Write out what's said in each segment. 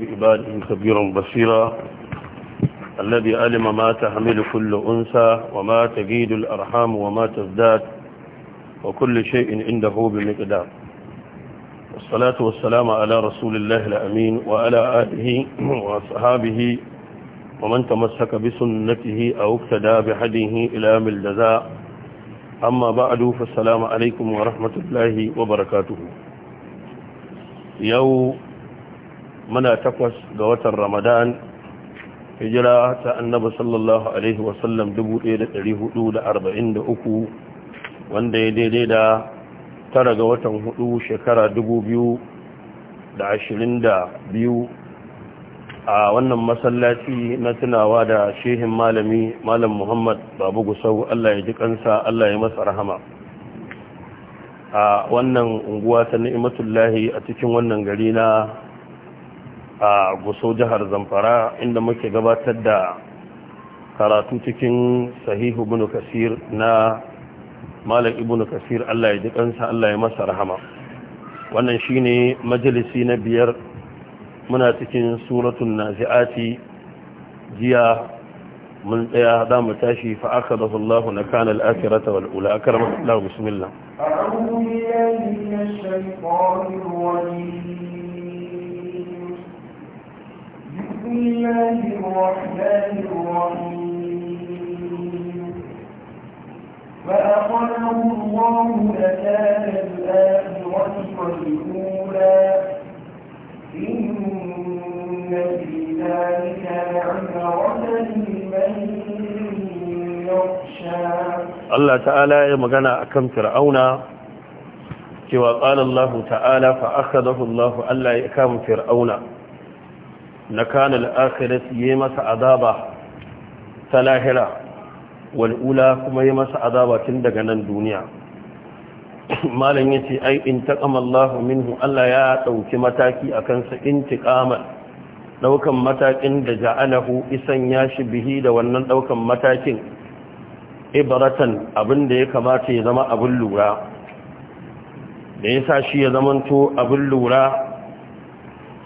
بعباده خبيرا بصيرا الذي علم ما تحمل كل أنثى وما تجيد الأرحام وما تزداد وكل شيء عنده بمقدار والصلاة والسلام على رسول الله الأمين وعلى آله وأصحابه ومن تمسك بسنته أو اقتدى بحديه إلى ملجزاء أما بعد فالسلام عليكم ورحمة الله وبركاته يوم muna takwas ga watan ramadan hijira ta annaba sallallahu alaihi wasallam 1443 wanda ya daidai da tara ga watan hudu shekara 2022 a wannan masallaci na tunawa da shehin malami malam muhammad babu gusau allah ya ji kansa allah ya masa rahama a wannan unguwa ta ni'imatullahi a cikin wannan gari na a guso jihar zamfara inda muke gabatar da karatu cikin sahihu ibn kasir na malam ibnu kasir Allah ya ji kansa Allah ya masa rahama wannan shine majalisi na biyar muna cikin suratul naziati jiya من أعظام تاشي فأخذه الله نكان الآخرة والأولى أكرمك الله بسم الله أعوذ بالله من الشيطان الرجيم الله الرحمن الرحيم فأخذه الله نكال الآخرة والأولى إن في ذلك لمن يخشى الله تعالى يا أكم فرعون cewa قال الله تعالى فأخذه الله ألا Allah ya na kanal akhirat yi masa azaba ta lahira wal'ula kuma yi masa azaba tun daga nan duniya malam ya ce ai in taƙama Allahu minhu Allah ya ɗauki mataki a kansa in tiƙamar ɗaukan matakin da ja'alahu isan ya shi bihi da wannan ɗaukan matakin ibaratan abin da ya kamata ya zama abin lura da ya sa shi ya zamanto abin lura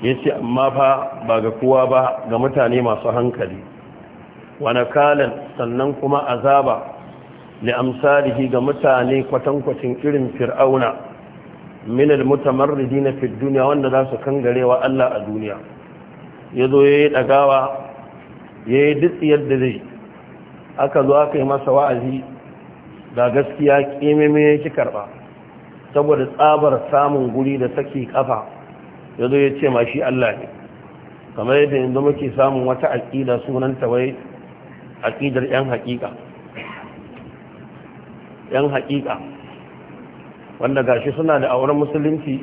ya ce amma fa ba ga kowa ba ga mutane masu hankali wani kalan sannan kuma azaba da amsalihi ga mutane kwatankwacin irin fir'auna minal mutamarridi na fi duniya wanda za su kangarewa Allah a duniya ya zo ya yi ɗagawa ya yi dutse yadda zai aka zo aka yi masa wa'azi ga gaskiya ƙimimi ya ki karɓa saboda tsabar samun guri da saki ƙafa ya zo ya ce ma shi Allah ne kamar yadda yanzu muke samun wata aƙida ta wai aƙidar 'yan haƙiƙa ‘yan haƙiƙa wanda gashi suna da auren musulunci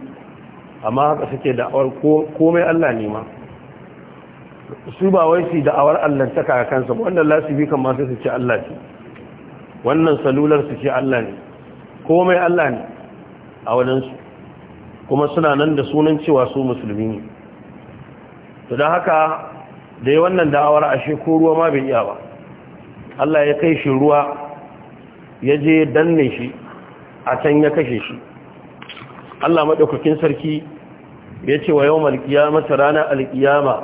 amma haka suke da awar komai Allah ne ma su ba wai su da awar Allah ta kakansa wannan bi kan masu su ce Allah ce wannan salular su ce Allah ne komai Allah ne a wadansu kuma suna nan da sunan cewa su musulmi ne to da haka da yi wannan da'awar ashe ko ruwa ma bai iya ba Allah ya kai shi ruwa ya je danne shi a can ya kashe shi Allah maɗaukakin sarki ya ce wa yau malkiyama ranar alkiyama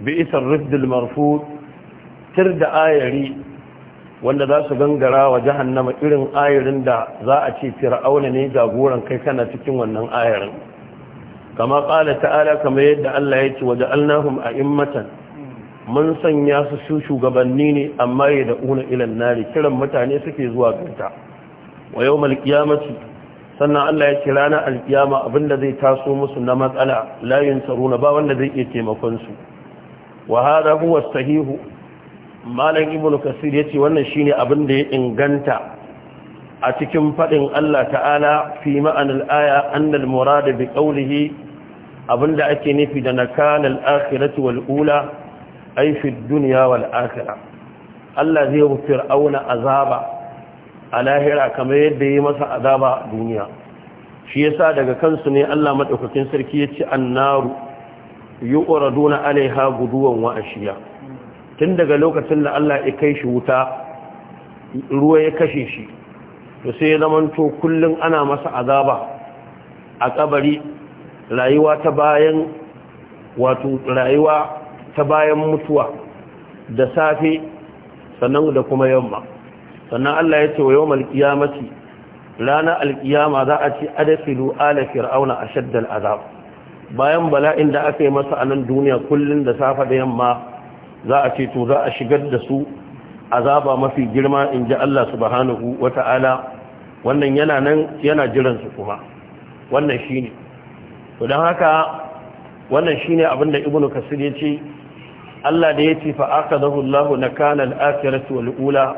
bi isar rifdil marfu tir da ayari wanda za su gangara wa jahannama irin ayarin da za a ce fir'auna ne jagoran kai kana cikin wannan ayarin kama ƙala ta'ala kamar yadda Allah ya ce waje alnahum a immatan mun sanya su su shugabanni ne amma ya da una ilan nari kiran mutane suke zuwa gata wa yau malkiyamaci sannan Allah ya ce ranar alkiyama abinda zai taso musu na matsala layin saruna na ba wanda zai iya taimakonsu wa hada huwa sahihu malam ibn kasir ya ce wannan shine abin da ya inganta a cikin faɗin Allah ta'ala fi ma'anar aya annal murada bi qawlihi abinda ake nufi da nakanal akhirati wal ula ay fi dunya wal akhirah Allah zai yi fir'auna azaba a lahira kamar yadda ya masa azaba duniya shi yasa daga kansu ne Allah madaukakin sarki ya ce annaru yu'raduna alaiha guduwan wa ashiya tun daga lokacin da Allah ya kai shi wuta ruwa ya kashe shi to sai ya zamanto kullum ana masa azaba a kabari rayuwa ta bayan wato rayuwa ta bayan mutuwa da safe sannan da kuma yamma sannan Allah ya ce wa yawmal qiyamati rana alkiyama za a ci adasilu ala fir'auna ashaddal azab bayan bala'in da aka yi masa a nan duniya kullun da safe da yamma za a ce to za a shigar da su azaba mafi girma in ji Allah subhanahu wata'ala wannan yana nan yana jiran su kuma wannan shine to dan haka wannan shine abin da ibnu kasir ya ce Allah da ya ce fa akadahu Allahu nakana al-akhirati wal ula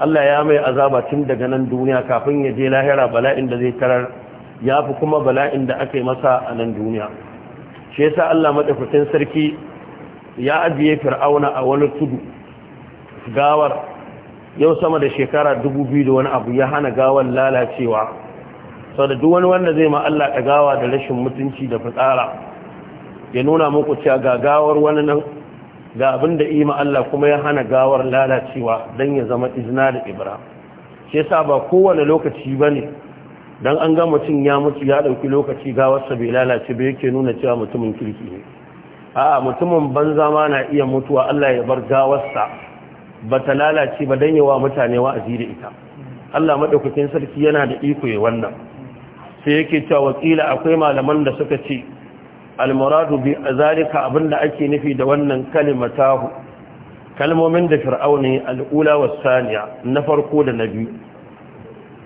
Allah ya mai azaba tun daga nan duniya kafin ya je lahira bala'in da zai tarar ya fi kuma bala'in da aka yi masa a nan duniya shi yasa Allah madaukakin sarki ya ajiye fir'auna a wani tudu gawar yau sama da shekara dubu biyu da wani abu ya hana gawar lalacewa sau da duk wani wanda zai ma'alla da gawa da rashin mutunci da fitsara ya nuna muku cewa ga gawar wani nan ga abin da ima Allah kuma ya hana gawar lalacewa don ya zama izina da ibra shi yasa ba kowane lokaci ba ne don an ga mutum ya mutu ya ɗauki lokaci gawarsa bai lalace ba yake nuna cewa mutumin kirki ne a mutumin banza ma na iya mutuwa Allah ya bar gawarsa ba ta lalace ba don yawa mutane wa'azi da ita Allah maɗaukakin sarki yana da iko ya wannan sai yake cewa wakila akwai malaman da suka ce almuradu bi zalika abinda ake nufi da wannan kalimatahu kalmomin da fir'auni al'ula wa saniya na farko da na biyu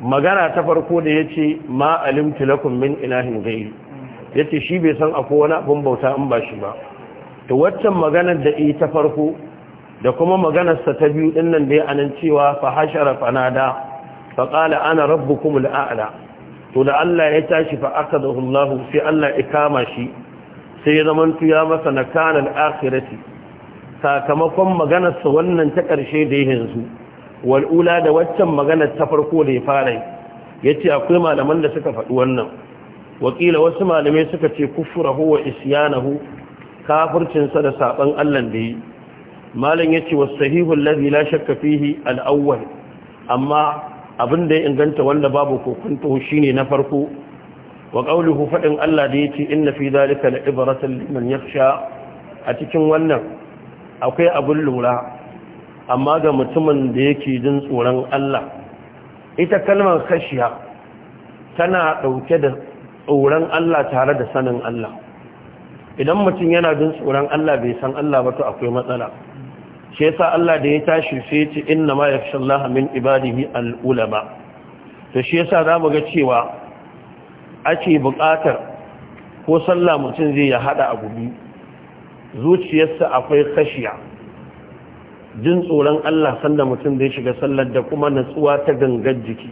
magana ta farko da ya ce alimtu lakum min ilahin Ya ce shi bai san akwai wani abin bauta in ba shi ba to waccan maganar da ta farko da kuma maganarsa ta biyu dinnan da ya anan cewa fa hashara fanada fa ƙala ana rabbukumul a'la to da Allah ya tashi fa da Allah sai Allah ya kama shi sai ya zaman ya masa nakanan akirati. sakamakon maganarsa wannan ta ƙarshe da ya yanzu wal'ula da waccan maganar ta farko da ya fara yace akwai malaman da suka faɗi wannan wakila wasu malamai suka ce kufrahu wa isyanahu kafircinsa da saɓan allan da yi malin ya ce wasu sahihun lafi la shakka fihi al'awwal amma abin da ya inganta wanda babu kokunto shi ne na farko wa ƙauluhu faɗin allah da ya ce inna fi zalika na ibaratan liman ya a cikin wannan akwai abin lura amma ga mutumin da yake jin tsoron allah ita kalmar kashiya tana ɗauke da tsoron allah tare da sanin allah idan mutum yana jin tsoron Allah bai san Allah ba to akwai matsala shi yasa Allah da ya tashi sai ya ce inna ma yakhshallaha min ibadihi al ulama to shi yasa zamu ga cewa ake buƙatar ko sallah mutum zai ya hada abu bi zuciyarsa akwai khashiya jin tsoron Allah sanda mutum zai shiga sallar da kuma natsuwa ta gangar jiki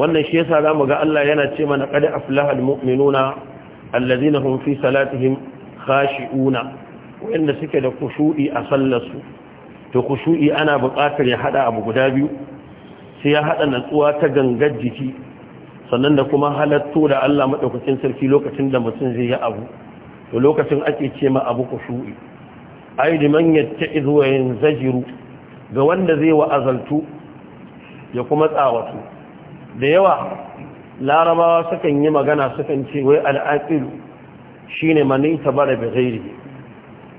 wannan shi yasa zamu ga Allah yana ce mana qad aflaha al mu'minuna allazina hum fi salatihim khashi'una wanda suke da khushu'i a sallarsu to khushu'i ana buƙatar ya hada abu guda biyu sai ya hada natsuwa ta gangar jiki sannan da kuma halatto da Allah madaukakin sarki lokacin da mutum zai yi abu to lokacin ake ce ma abu khushu'i ai liman yatta'iz wa yanzajiru ga wanda zai wa'azaltu ya kuma tsawatu da yawa larabawa sukan yi magana sukan ce wai shi shine mani tabara bi ghairi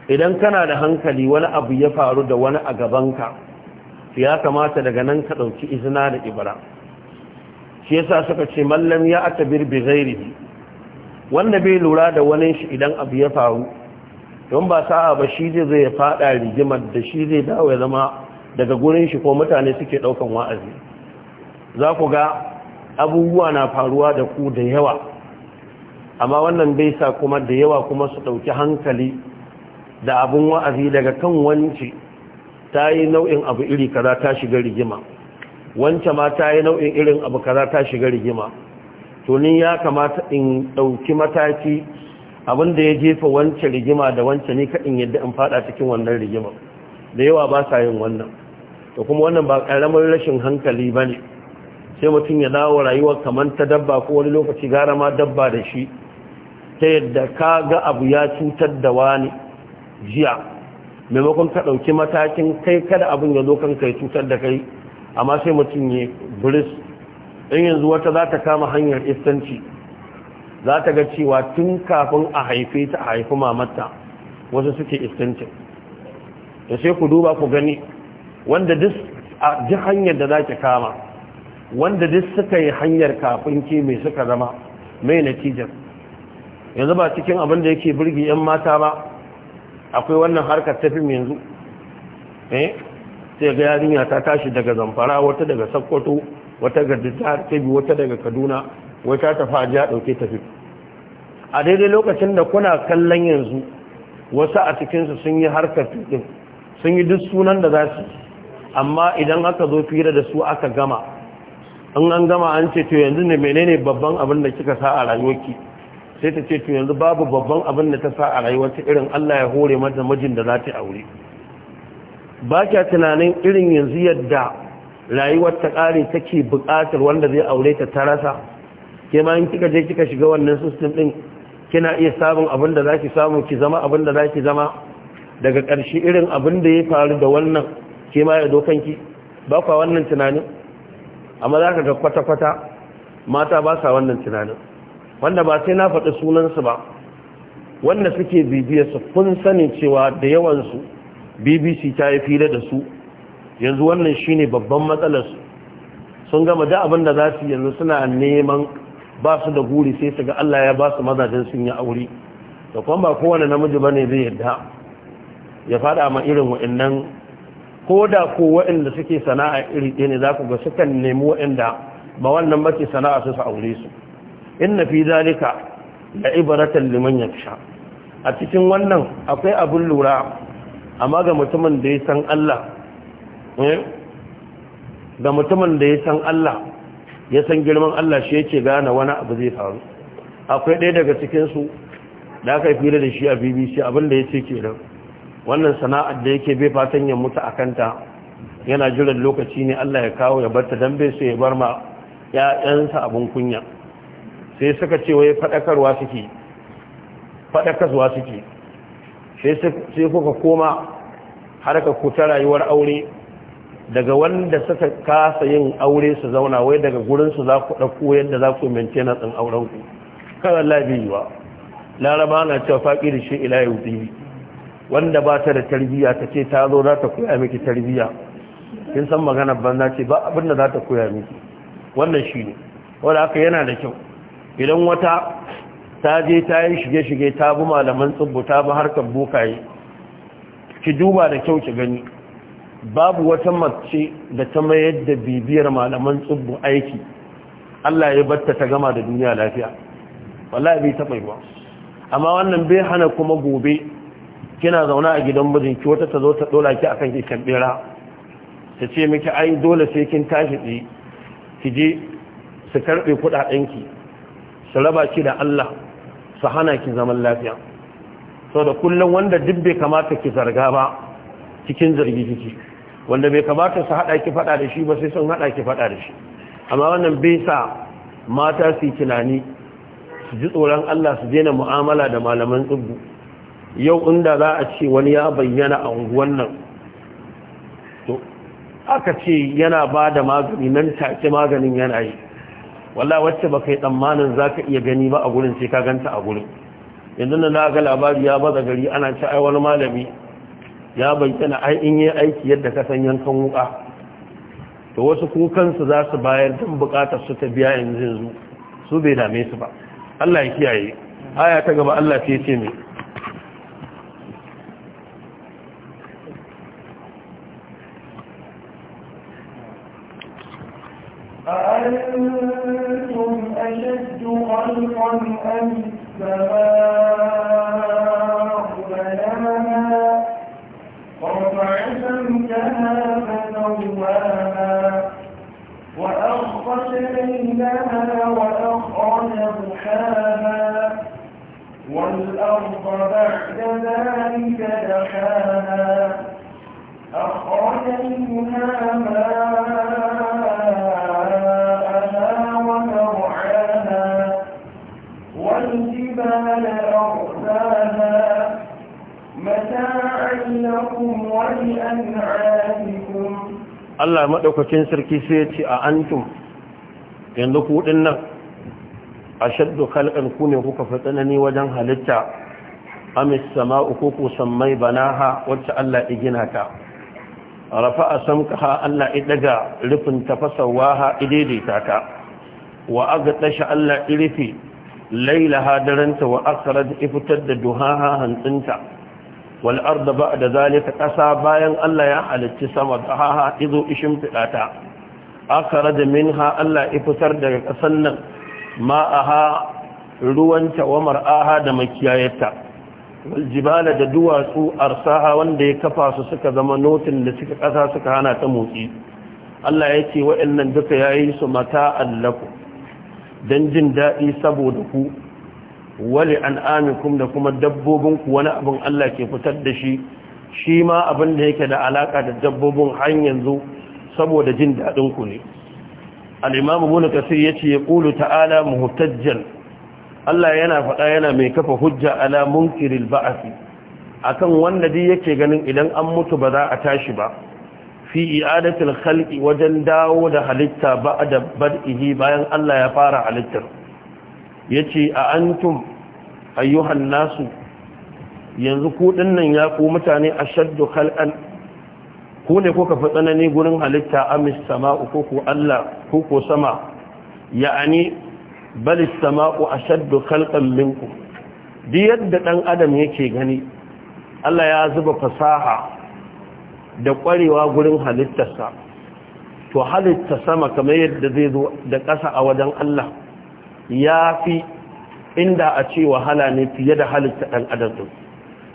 idan kana da hankali wani abu ya faru da wani a gabanka ya kamata daga nan ka ɗauki izina da ibra shi yasa suka ce mallam ya atabir bi ghairi wanda bai lura da wani shi idan abu ya faru don ba sa'a ba shi zai zai faɗa rigimar da shi zai dawo ya zama daga gurin shi ko mutane suke ɗaukan wa'azi za ku ga abubuwa na faruwa da ku da yawa amma wannan bai sa kuma da yawa kuma su ɗauki hankali da abin wa'azi daga kan wance ta yi nau'in abu iri kaza ta shiga rigima wance ma ta yi nau'in irin abu kaza ta shiga rigima to ni ya kamata in ɗauki mataki abin da ya jefa wance rigima da wance ni kaɗin yadda in fada cikin wannan rigima da yawa ba sa yin wannan to kuma wannan ba ƙaramin rashin hankali ba ne sai mutum ya dawo rayuwa kamar ta dabba ko wani lokaci gara ma dabba da shi ta yadda ka ga abu ya cutar da wani jiya maimakon ka ɗauki matakin kai kada abin ya zo kanka ya cutar da kai amma sai mutum ya buris in yanzu wata za ta kama hanyar istanci za ta ga cewa tun kafin a haife ta a haifi mamata wasu suke istancin da sai ku duba ku gani wanda duk hanyar da za ki kama wanda duk suka yi hanyar kafin ke mai suka zama mai natijar yanzu ba cikin abin da yake birgi 'yan mata ba akwai wannan harkar tafi mai yanzu eh sai ga yarinya ta tashi daga zamfara wata daga sakkwato wata ga tabi wata daga kaduna wata ta faji a ɗauke tafi a daidai lokacin da kuna kallon yanzu wasu a cikinsu sun yi harkar tukin sun yi duk sunan da za su amma idan aka zo fira da su aka gama in an gama an ce to yanzu ne menene babban abin da kika sa a rayuwarki sai ta ce to yanzu babu babban abin da ta sa a rayuwarta irin Allah ya hore mata mijin da za ta aure ba kya tunanin irin yanzu yadda rayuwar ta kare take buƙatar wanda zai aure ta ta rasa ke ma in kika je kika shiga wannan system din kina iya sabon abin da zaki samu ki zama abin da zaki zama daga ƙarshe irin abin da ya faru da wannan ke ma ya dokanki ba kwa wannan tunanin amma za ka ga kwata-kwata mata ba sa wannan tunanin wanda ba sai na faɗi sunansu ba wanda suke bibiyarsu kun sani cewa da yawansu bbc ta yi fila da su yanzu wannan shi ne babban matsalarsu sun gama da abin da za su yanzu suna neman ba su da guri sai su ga allah ya ba su mazajen sun yi aure da kuma ba kowane namiji ba ne zai yadda ya faɗa ma irin wa'annan ko da ko waɗanda suke sana'a iri ɗaya ne za ku ga sukan nemi waɗanda ba wannan ba sana'a su su aure su in na fi zalika da ibaratan liman ya sha a cikin wannan akwai abin lura amma ga mutumin da ya san Allah eh, ga mutumin da ya san Allah ya san girman Allah shi yake gane wani abu zai faru akwai ɗaya daga cikinsu da aka yi fira da shi a bbc abin da ya ce ke nan wannan sana'ar da yake bai fatan ya mutu a kanta yana jiran lokaci ne Allah ya kawo ya barta dan bai so ya bar ma ƴaƴansa abun kunya sai suka ce wai fadakarwa suke fadakarwa suke sai kuka koma harka ka ta rayuwar aure daga wanda suka kasa yin aure su zauna wai daga gurinsu za ku ɗauko yadda za ku mince na ku aurenku Allah biyuwa laraba na cewa faƙi da shi ila yau wanda ba ta da tarbiyya ta ce ta zo za ta koya miki tarbiyya kin san magana banza ce ba abin da za ta koya miki wannan shi ne wanda haka yana da kyau idan wata ta je ta yi shige-shige ta bi malaman tsubbu ta bi harkar bokaye ki duba da kyau ki gani babu wata mace da ta mayar da bibiyar malaman tsubbu aiki Allah ya batta ta gama da duniya lafiya wallahi bai taɓa yi ba amma wannan bai hana kuma gobe kina zauna a gidan mijinki wata ta zo ta dola ki akan ki bera ta ce miki ai dole sai kin tashi ɗi ki je su karɓe kuɗaɗenki su raba ki da Allah su hana ki zaman lafiya sau da kullum wanda duk bai kamata ki zarga ba cikin zargi kiki wanda bai kamata su haɗa ki faɗa da shi ba sai sun haɗa ki faɗa da shi amma wannan bai sa mata su yi tunani su ji tsoron Allah su daina mu'amala da malaman tsibbu yau inda za a ce wani ya bayyana a unguwan nan to aka ce yana ba da magani nan take maganin yana yi walla wacce ba kai tsammanin za ka iya gani ba a gurin sai ka ganta a gurin yanzu na na ga labari ya baza gari ana ci ai wani malami ya bayyana ai in yi aiki yadda ka san yankan wuka to wasu kukansu za su bayar don bukatar su ta biya yanzu yanzu su bai dame su ba Allah ya kiyaye aya ta gaba Allah sai ce mai أأنتم أشد خلقا أم السماء بناها رفع سمكها فسواها وأخرج ليلها وأخرج ضحاها والأرض بعد ذلك دحاها أخرج منها ماءها متاعا لكم ولأنعامكم Allah maɗaukakin sarki sai ya ce a tun yanzu kuɗin nan a shaddu halƙar ku ne kuka fi tsanani wajen halitta amis sama'u ko ku sammai banaha wacce Allah ya gina ta rafa a ha Allah ya daga rufin waha idaidaita ta wa aga tashi Allah ya rufe laila hadaranta wa akarar ifitar da duhaha hantsinta wal'ar da ba zalika ƙasa bayan Allah ya halicci sama da haha izo ishin fiɗata akarar da min Allah ifitar daga ƙasan nan ma'aha ruwanta wa mar'aha da makiyayarta jibala da duwatsu arsaha wanda ya kafa su suka zama notin da suka ƙasa suka hana ta motsi Allah ya ce waɗannan duka yayi su mata allaku don jin daɗi saboda ku wali an amikum da kuma dabbobinku wani abin Allah ke fitar da shi shi ma abin da yake da alaƙa da dabbobin har yanzu saboda jin ku ne al'imamu bunu kasir ya ce ya ƙulu ta'ala muhtajjal Allah yana faɗa yana mai kafa hujja ala munkiril ba'asi akan wanda dai yake ganin idan an mutu ba za a tashi ba fi i'adatul khalqi wajen dawo da halitta ba'da bad'ihi bayan Allah ya fara halittar yace a antum ayyuhan nasu yanzu ku dinnan ya ku mutane ashaddu khalqan ku ne kuka fi tsanani gurin halitta amis sama'u ko ku Allah ko ko sama ya'ani bal samau ashaddu khalqan minkum di yadda dan adam yake gani Allah ya zuba fasaha da ƙwarewa gurin halittarsa to halitta sama kamar yadda zai zo da ƙasa a wajen Allah ya fi inda a ce wahala ne fiye da halitta ɗan adam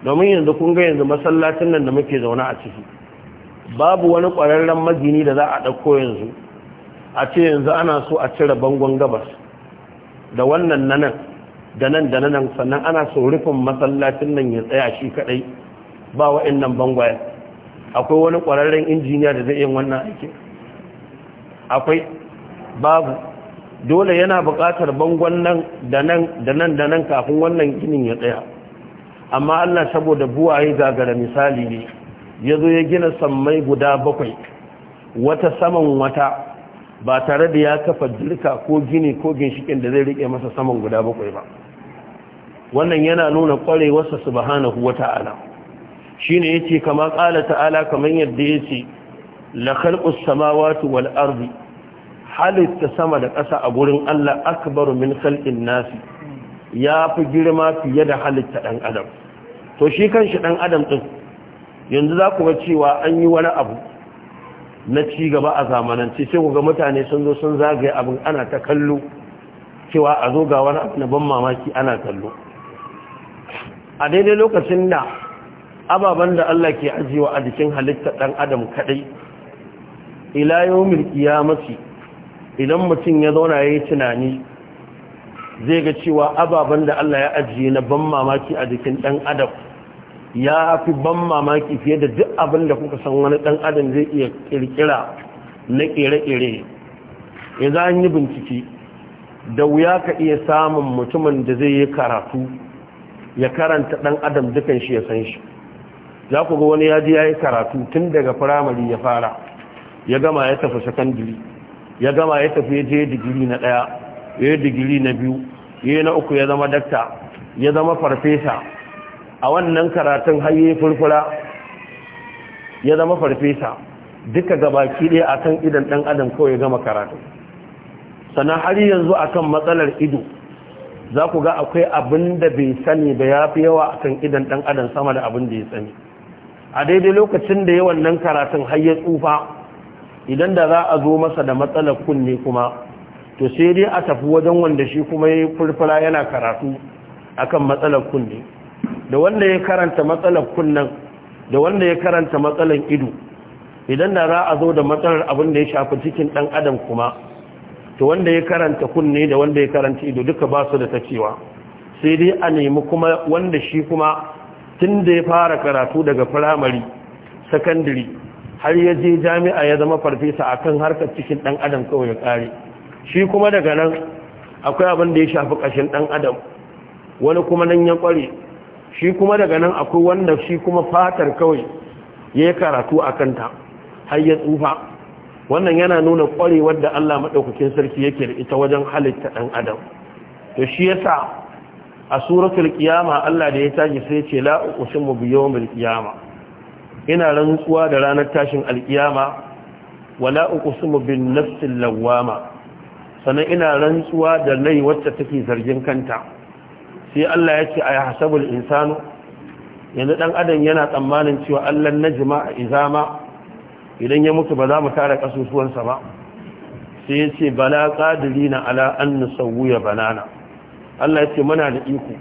domin yanzu kun ga yanzu masallacin nan da muke zaune a ciki babu wani ƙwararren magini da za a ɗauko yanzu a ce yanzu ana so a cire bangon gabas da wannan na nan da nan da nan sannan ana so rufin masallacin nan ya tsaya shi kaɗai ba wa'in nan bangon akwai wani kwararren injiniya da zai yin wannan aikin akwai babu dole yana buƙatar bangon nan da nan da nan da nan kafin wannan ginin ya tsaya amma allah saboda buwaye gagara misali ne ya zo ya gina sammai guda bakwai wata saman wata ba tare da ya kafa jirka ko gini ko ginshikin da zai rike masa saman guda bakwai ba wannan yana nuna ƙwarewarsa subhanahu wata'ala Shi shine yace kama ƙala ta'ala kamar yadda ya la khalqus samawati wal ardi halitta sama da ƙasa a gurin Allah akbaru min khalqin nasi ya fi girma fiye da halitta ɗan adam to shi kan shi ɗan adam ɗin yanzu za ku ga cewa an yi wani abu na ci gaba a zamanance sai ku ga mutane sun zo sun zagaye abin ana ta kallo cewa a zo ga wani abu na ban mamaki ana kallo a daidai lokacin da ababen da Allah ke ajiyewa a jikin halitta ɗan adam kaɗai ila yawmin kiyamati idan mutum ya zauna yayi tunani zai ga cewa ababen da Allah ya ajiye na ban mamaki a jikin ɗan adam ya fi ban mamaki fiye da duk abin da kuka san wani ɗan adam zai iya ƙirƙira na ƙere-ƙere ya za yi bincike da wuya ka iya samun mutumin da zai yi karatu ya karanta ɗan adam dukan shi ya san shi za ku ga wani ya ji ya yi karatu tun daga firamare ya fara ya gama ya tafi sakandiri ya gama ya tafi ya je digiri na ɗaya ya yi digiri na biyu ya yi na uku ya zama dakta ya zama farfesa a wannan karatun har ya furfura ya zama farfesa duka gabaki ɗaya a kan idan ɗan adam kawai ya gama karatu sannan har yanzu a kan matsalar ido za ku ga akwai abin da bai sani da ya fi yawa a kan idan ɗan adam sama da abin da ya sani a daidai lokacin da ya wannan karatun har ya tsufa idan da za a zo masa da matsalar kunne kuma to sai dai a tafi wajen wanda shi kuma ya furfura yana karatu akan matsalar kunne da wanda ya karanta matsalar kunnen da wanda ya karanta matsalar ido idan da za a zo da matsalar abin da ya shafi cikin dan adam kuma to wanda ya karanta kunne da wanda ya karanta ido duka ba su da ta cewa sai dai a nemi kuma wanda shi kuma tun da ya fara karatu daga firamare sakandare har ya je jami'a ya zama farfesa akan harkar cikin ɗan adam kawai ya kare shi kuma daga nan akwai abin da ya shafi ƙashin ɗan adam wani kuma nan ya ƙware shi kuma daga nan akwai wanda shi kuma fatar kawai ya yi karatu a kanta har ya tsufa wannan yana nuna ƙwarewar da Allah maɗaukakin sarki yake da ita wajen halitta ɗan adam to shi yasa a suratul kiyama Allah da ya tashi sai ce la uqsimu bi yawmil qiyama ina rantsuwa da ranar tashin alkiyama wala uqsimu bin nafsil lawama sannan ina rantsuwa da lai wacce take zargin kanta sai Allah ya ce hasabul insanu yanzu dan adam yana tsammanin cewa Allah najma izama idan ya mutu ba za mu tara kasusuwansa ba sai ya ce bala qadirina ala an nusawwiya banana Allah ya ce muna da iko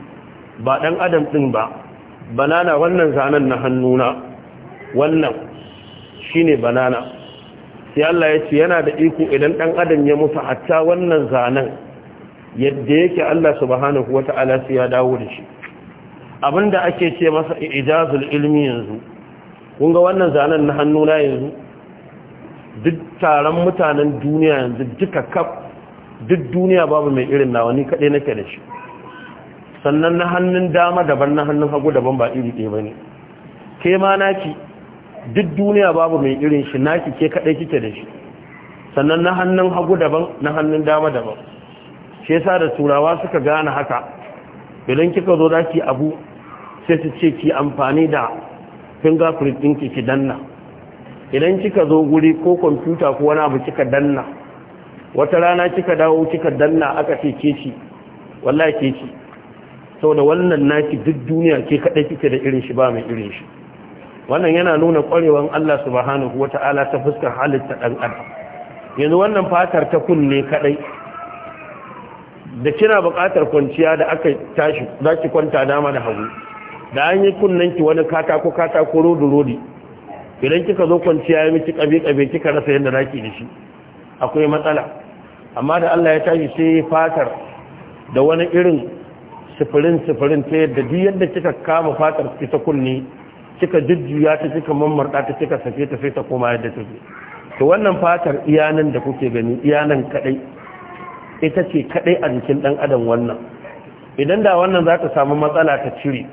ba dan adam ɗin ba banana wannan zanen na hannuna wannan shine banana sai Allah ya ce yana da iko idan ɗan adam ya mutu hatta wannan zanen yadda yake Allah subhanahu wata'ala sai ya dawo da shi abinda ake ce masa ijazul ilmi yanzu kun ga wannan zanen na hannuna yanzu duk taron mutanen duniya yanzu duka kaf duk duniya babu mai irin nawa ni kaɗai nake da shi sannan na hannun dama daban na hannun hagu daban ba iri ɗaya ba ne ke ma naki duk duniya babu mai irin shi naki ke kaɗai kike da shi sannan na hannun hagu daban na hannun dama daban shi yasa da turawa suka gane haka idan kika zo ki abu sai su ce ki amfani da fingerprint ɗinki ki danna idan kika zo guri ko kwamfuta ko wani abu kika danna wata rana kika dawo kika danna aka ce keci wallahi ke ci saboda wannan naki duk duniya ke kaɗai kike da irin shi ba mai irin shi wannan yana nuna kwarewan Allah subhanahu wata'ala ta fuskar halitta dan adam yanzu wannan fatar ta kunne kadai. da kina buƙatar kwanciya da aka tashi zaki ki kwanta dama da hagu da an yi kunnen ki wani katako katako rodi rodi idan kika zo kwanciya ya miki ƙabe kika rasa yadda zaki da shi akwai matsala amma da Allah ya tashi sai fatar da wani irin sifirin sifirin ta yadda duk yadda kika kama fatar ita kunne kika jujjuya ta kika mammarda ta kika sake ta sai ta koma yadda take to wannan fatar iyanan da kuke gani iyanan kadai ita ce kadai a jikin dan adam wannan idan da wannan za ta samu matsala ta cire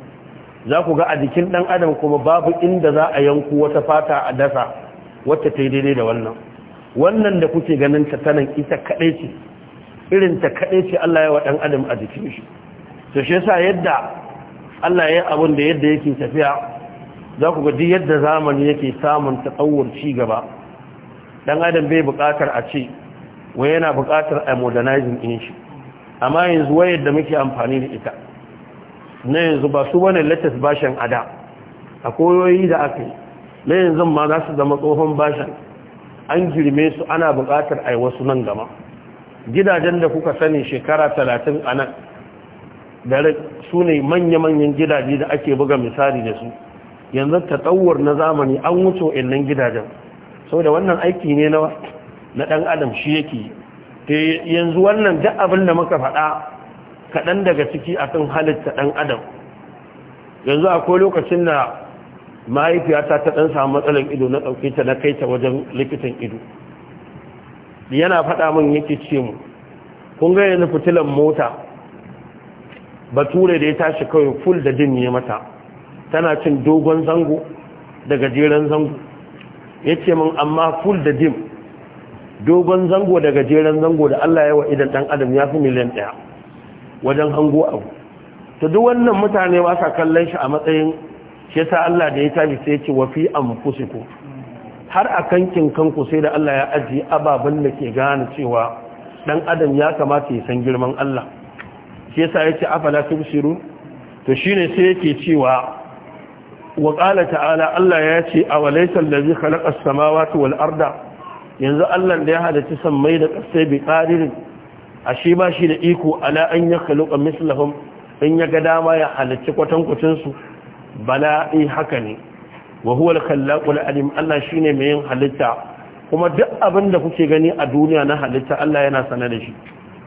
za ku ga a jikin dan adam kuma babu inda za a yanku wata fata a dasa wacce ta yi daidai da wannan wannan da kuke ganin ta tanan ita kaɗai ce irin ta kaɗai ce Allah ya wa ɗan adam a jikin shi to shi yasa yadda Allah ya yi abin da yadda yake tafiya za ku gaji yadda zamani yake samun tsawon ci gaba ɗan adam bai buƙatar a ce wai yana buƙatar a modernizing ɗin shi amma yanzu wai yadda muke amfani da ita na yanzu ba su wani latest bashin ada a koyoyi da aka yi na yanzu ma za su zama tsohon bashin an girme su ana buƙatar a yi wasu nan gama gidajen da kuka sani shekara talatin a nan dare su ne manya-manyan gidaje da ake buga misali da su yanzu ta na zamani an wuce innan gidajen sau da wannan aiki ne na ɗan adam shi yake yanzu wannan da abin da muka faɗa kaɗan daga ciki akan halitta ɗan adam yanzu akwai lokacin da mahaifiyata ta ɗan samu matsalar ido na ɗauke ta na kai ta wajen likitan ido yana faɗa min yake ce mu kun ga yanzu fitilan mota bature da ya tashi kawai ful da din ne mata tana cin dogon zango da gajeren zango ya ce min amma ful da dim dogon zango da gajeren zango da Allah ya wa idan ɗan adam ya fi miliyan ɗaya wajen hango abu ta duk wannan mutane ba sa kallon shi a matsayin shi Allah da ya tafi sai ya ce wa fi anfusikum har a kankin kanku sai da Allah ya ajiye ababen da ke gane cewa dan adam ya kamata ya san girman Allah shi yasa yace afala tubsiru to shine sai yake cewa wa ta'ala Allah ya ce awalaysa da zai as-samawati wal arda yanzu Allah da ya halitta sammai da ƙasai bi a ashe ba shi da iko ala an ya khalaqa mislahum in ya ga dama ya halitta kwatankwacin su Bala bala'i haka ne wa huwa al-khallaqul alim Allah shine mai yin halitta kuma duk abin da kuke gani a duniya na halitta Allah yana sanar da shi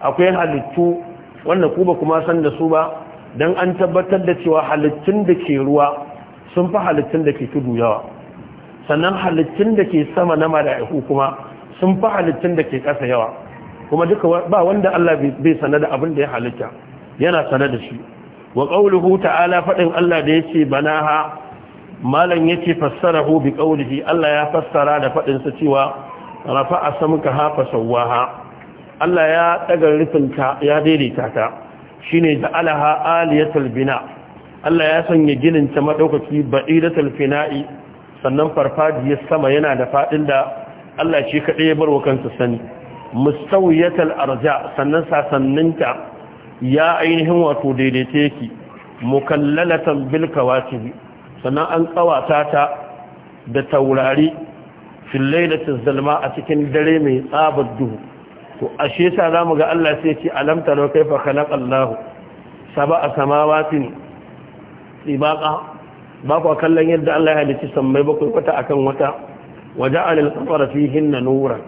akwai halittu wanda ku ba kuma san da su ba dan an tabbatar da cewa halittun da ke ruwa sun fi halittun da ke tudu yawa sannan halittun da ke sama na mala'iku kuma sun fi halittun da ke ƙasa yawa kuma duka ba wanda Allah bai sanar da abin da ya halitta yana sanar da shi wa qawluhu ta'ala faɗin Allah da yace banaha ce yace fassarahu bi qawlihi Allah ya fassara da fadin sa cewa rafa'a samkaha fa sawaha Allah ya daga rufinta ya daidaita ta shine Alaha aliyatul bina Allah ya sanya ginin ta madaukaki da talfina'i sannan farfajiyar sama yana da faɗin da Allah shi kadai ya bar wa kansa sani mustawiyatul arja sannan sasanninta ya ainihin wato daidaita ki mukallalatan bil kawakib sannan an ƙawata ta da taurari fil da zalma a cikin dare mai tsabar duhu to ashe sa zamu ga Allah sai ce alam taro kaifa khalaqallahu sab'a samawati ibaqa ba ku kallon yadda Allah ya halicci sammai bakwai wata akan wata waja'al al-qamara fihin nuran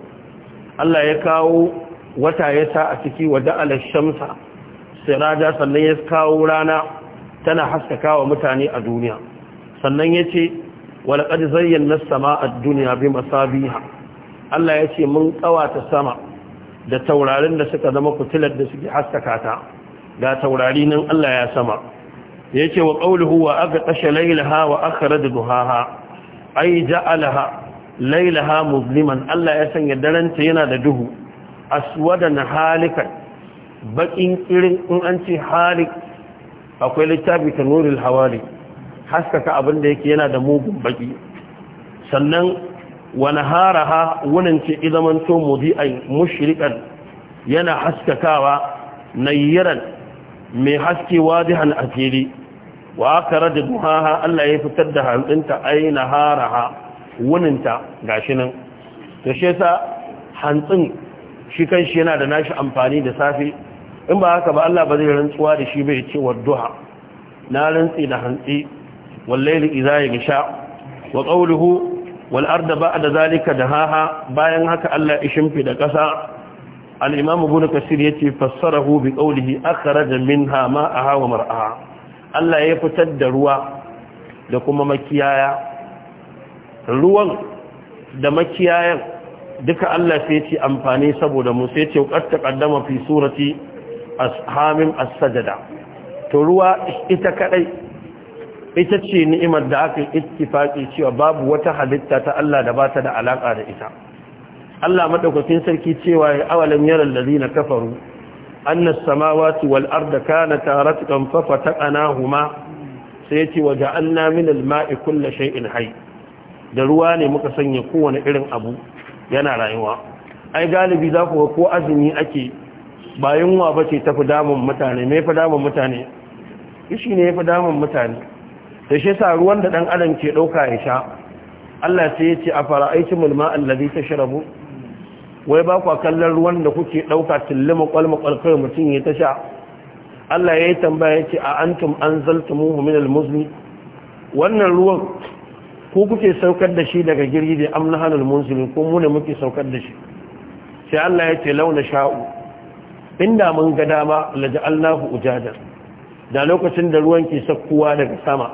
Allah ya kawo wata ya sa a ciki waje ash-shamsa siraja sannan ya kawo rana tana haskaka wa mutane a duniya sannan ya ce walaƙar zayyan na sama a duniya bi masabiha Allah ya ce mun ƙawata sama da taurarin da suka zama kutilar da suke haskaka ta ga taurari nan Allah ya sama ya ce wa ƙauluhu wa aka ƙashe lailaha wa aka rada duhaha ai ja'alaha lailaha musliman Allah ya sanya daranta yana da duhu aswada na halikan bakin irin in an ce halik akwai littafi ta nuril hawali haskaka abin da yake yana da mugun baki sannan wani haraha wunin ce izamanto mudi'ai mushrikan yana haskakawa yaran. mai haske wadihan a fili wa aka da ha? Allah ya fitar da hantsinta aina haraha wuninta gashi nan to shi yasa hantsin shi shi yana da nashi amfani da safe in ba haka ba Allah ba zai rantsuwa da shi bai ce wadduha na rantsi da hantsi wallaili ya yasha wa qawluhu wal arda ba'da zalika da haha. bayan haka Allah ya shimfi da kasa al-imam ibn kasir yace fassarahu bi qawlihi akhraja minha ma'aha wa mar'aha Allah ya fitar da ruwa da kuma makiyaya ruwan da makiyayan duka Allah sai ya ci amfani saboda mu sai ya ce qad taqaddama fi surati hamim asajada sajada to ruwa ita kadai ita ce ni'imar da aka ittifaki cewa babu wata halitta ta Allah da bata da alaka da ita Allah madaukakin sarki cewa ya awalam yaral ladina kafaru anna as-samawati wal arda kanata ratqan fa fataqnahuma sai yace waja'alna min al-ma'i kulli shay'in hayy da ruwa ne muka sanya kowane irin abu yana rayuwa ai galibi za ku ko azumi ake ba yunwa ba ce ta fi damun mutane mai fi damun mutane ishi ne ya fi damun mutane da shi sa ruwan da ɗan adam ke ɗauka ya sha Allah sai ya ce a aiki mulma allazi ta shirabu wai ba kwa kallon ruwan da kuke ɗauka tillima kwalmakwal kai mutum ya ta sha Allah ya yi tambaya ya ce a antum an zalta muhu min almuzli wannan ruwan ko kuke saukar da shi daga da amna hanul munzili ko mu ne muke saukar da shi sai Allah ya ce launa sha'u inda mun ga dama laja'alnahu ujadan da lokacin da ruwan ke sakkuwa daga sama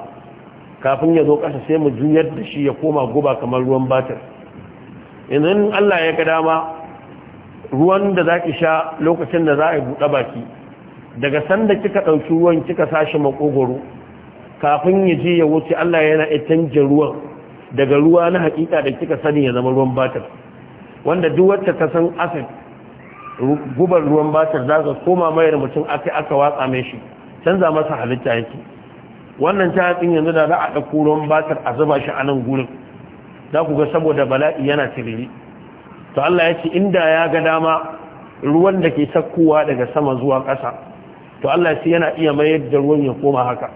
kafin ya zo kasa sai mu juyar da shi ya koma guba kamar ruwan batir idan Allah ya ga dama ruwan da zaki sha lokacin da za a buɗe baki daga sanda kika ɗauki ruwan kika sashi makogoro kafin ya je ya wuce Allah yana itanje ruwan daga ruwa na hakika da kika sani ya zama ruwan batir wanda duk wacce ta san asali gubar ruwan batar za ka koma mayar mutum aka aka watsa mai shi canza masa halitta yake wannan tahatsin yanzu da za a ɗauko ruwan batar a zuba shi a nan gurin za ku ga saboda bala'i yana tiriri to Allah ya ce inda ya ga dama ruwan da ke sakkowa daga sama zuwa ƙasa to Allah sai yana iya mayar da ruwan ya koma haka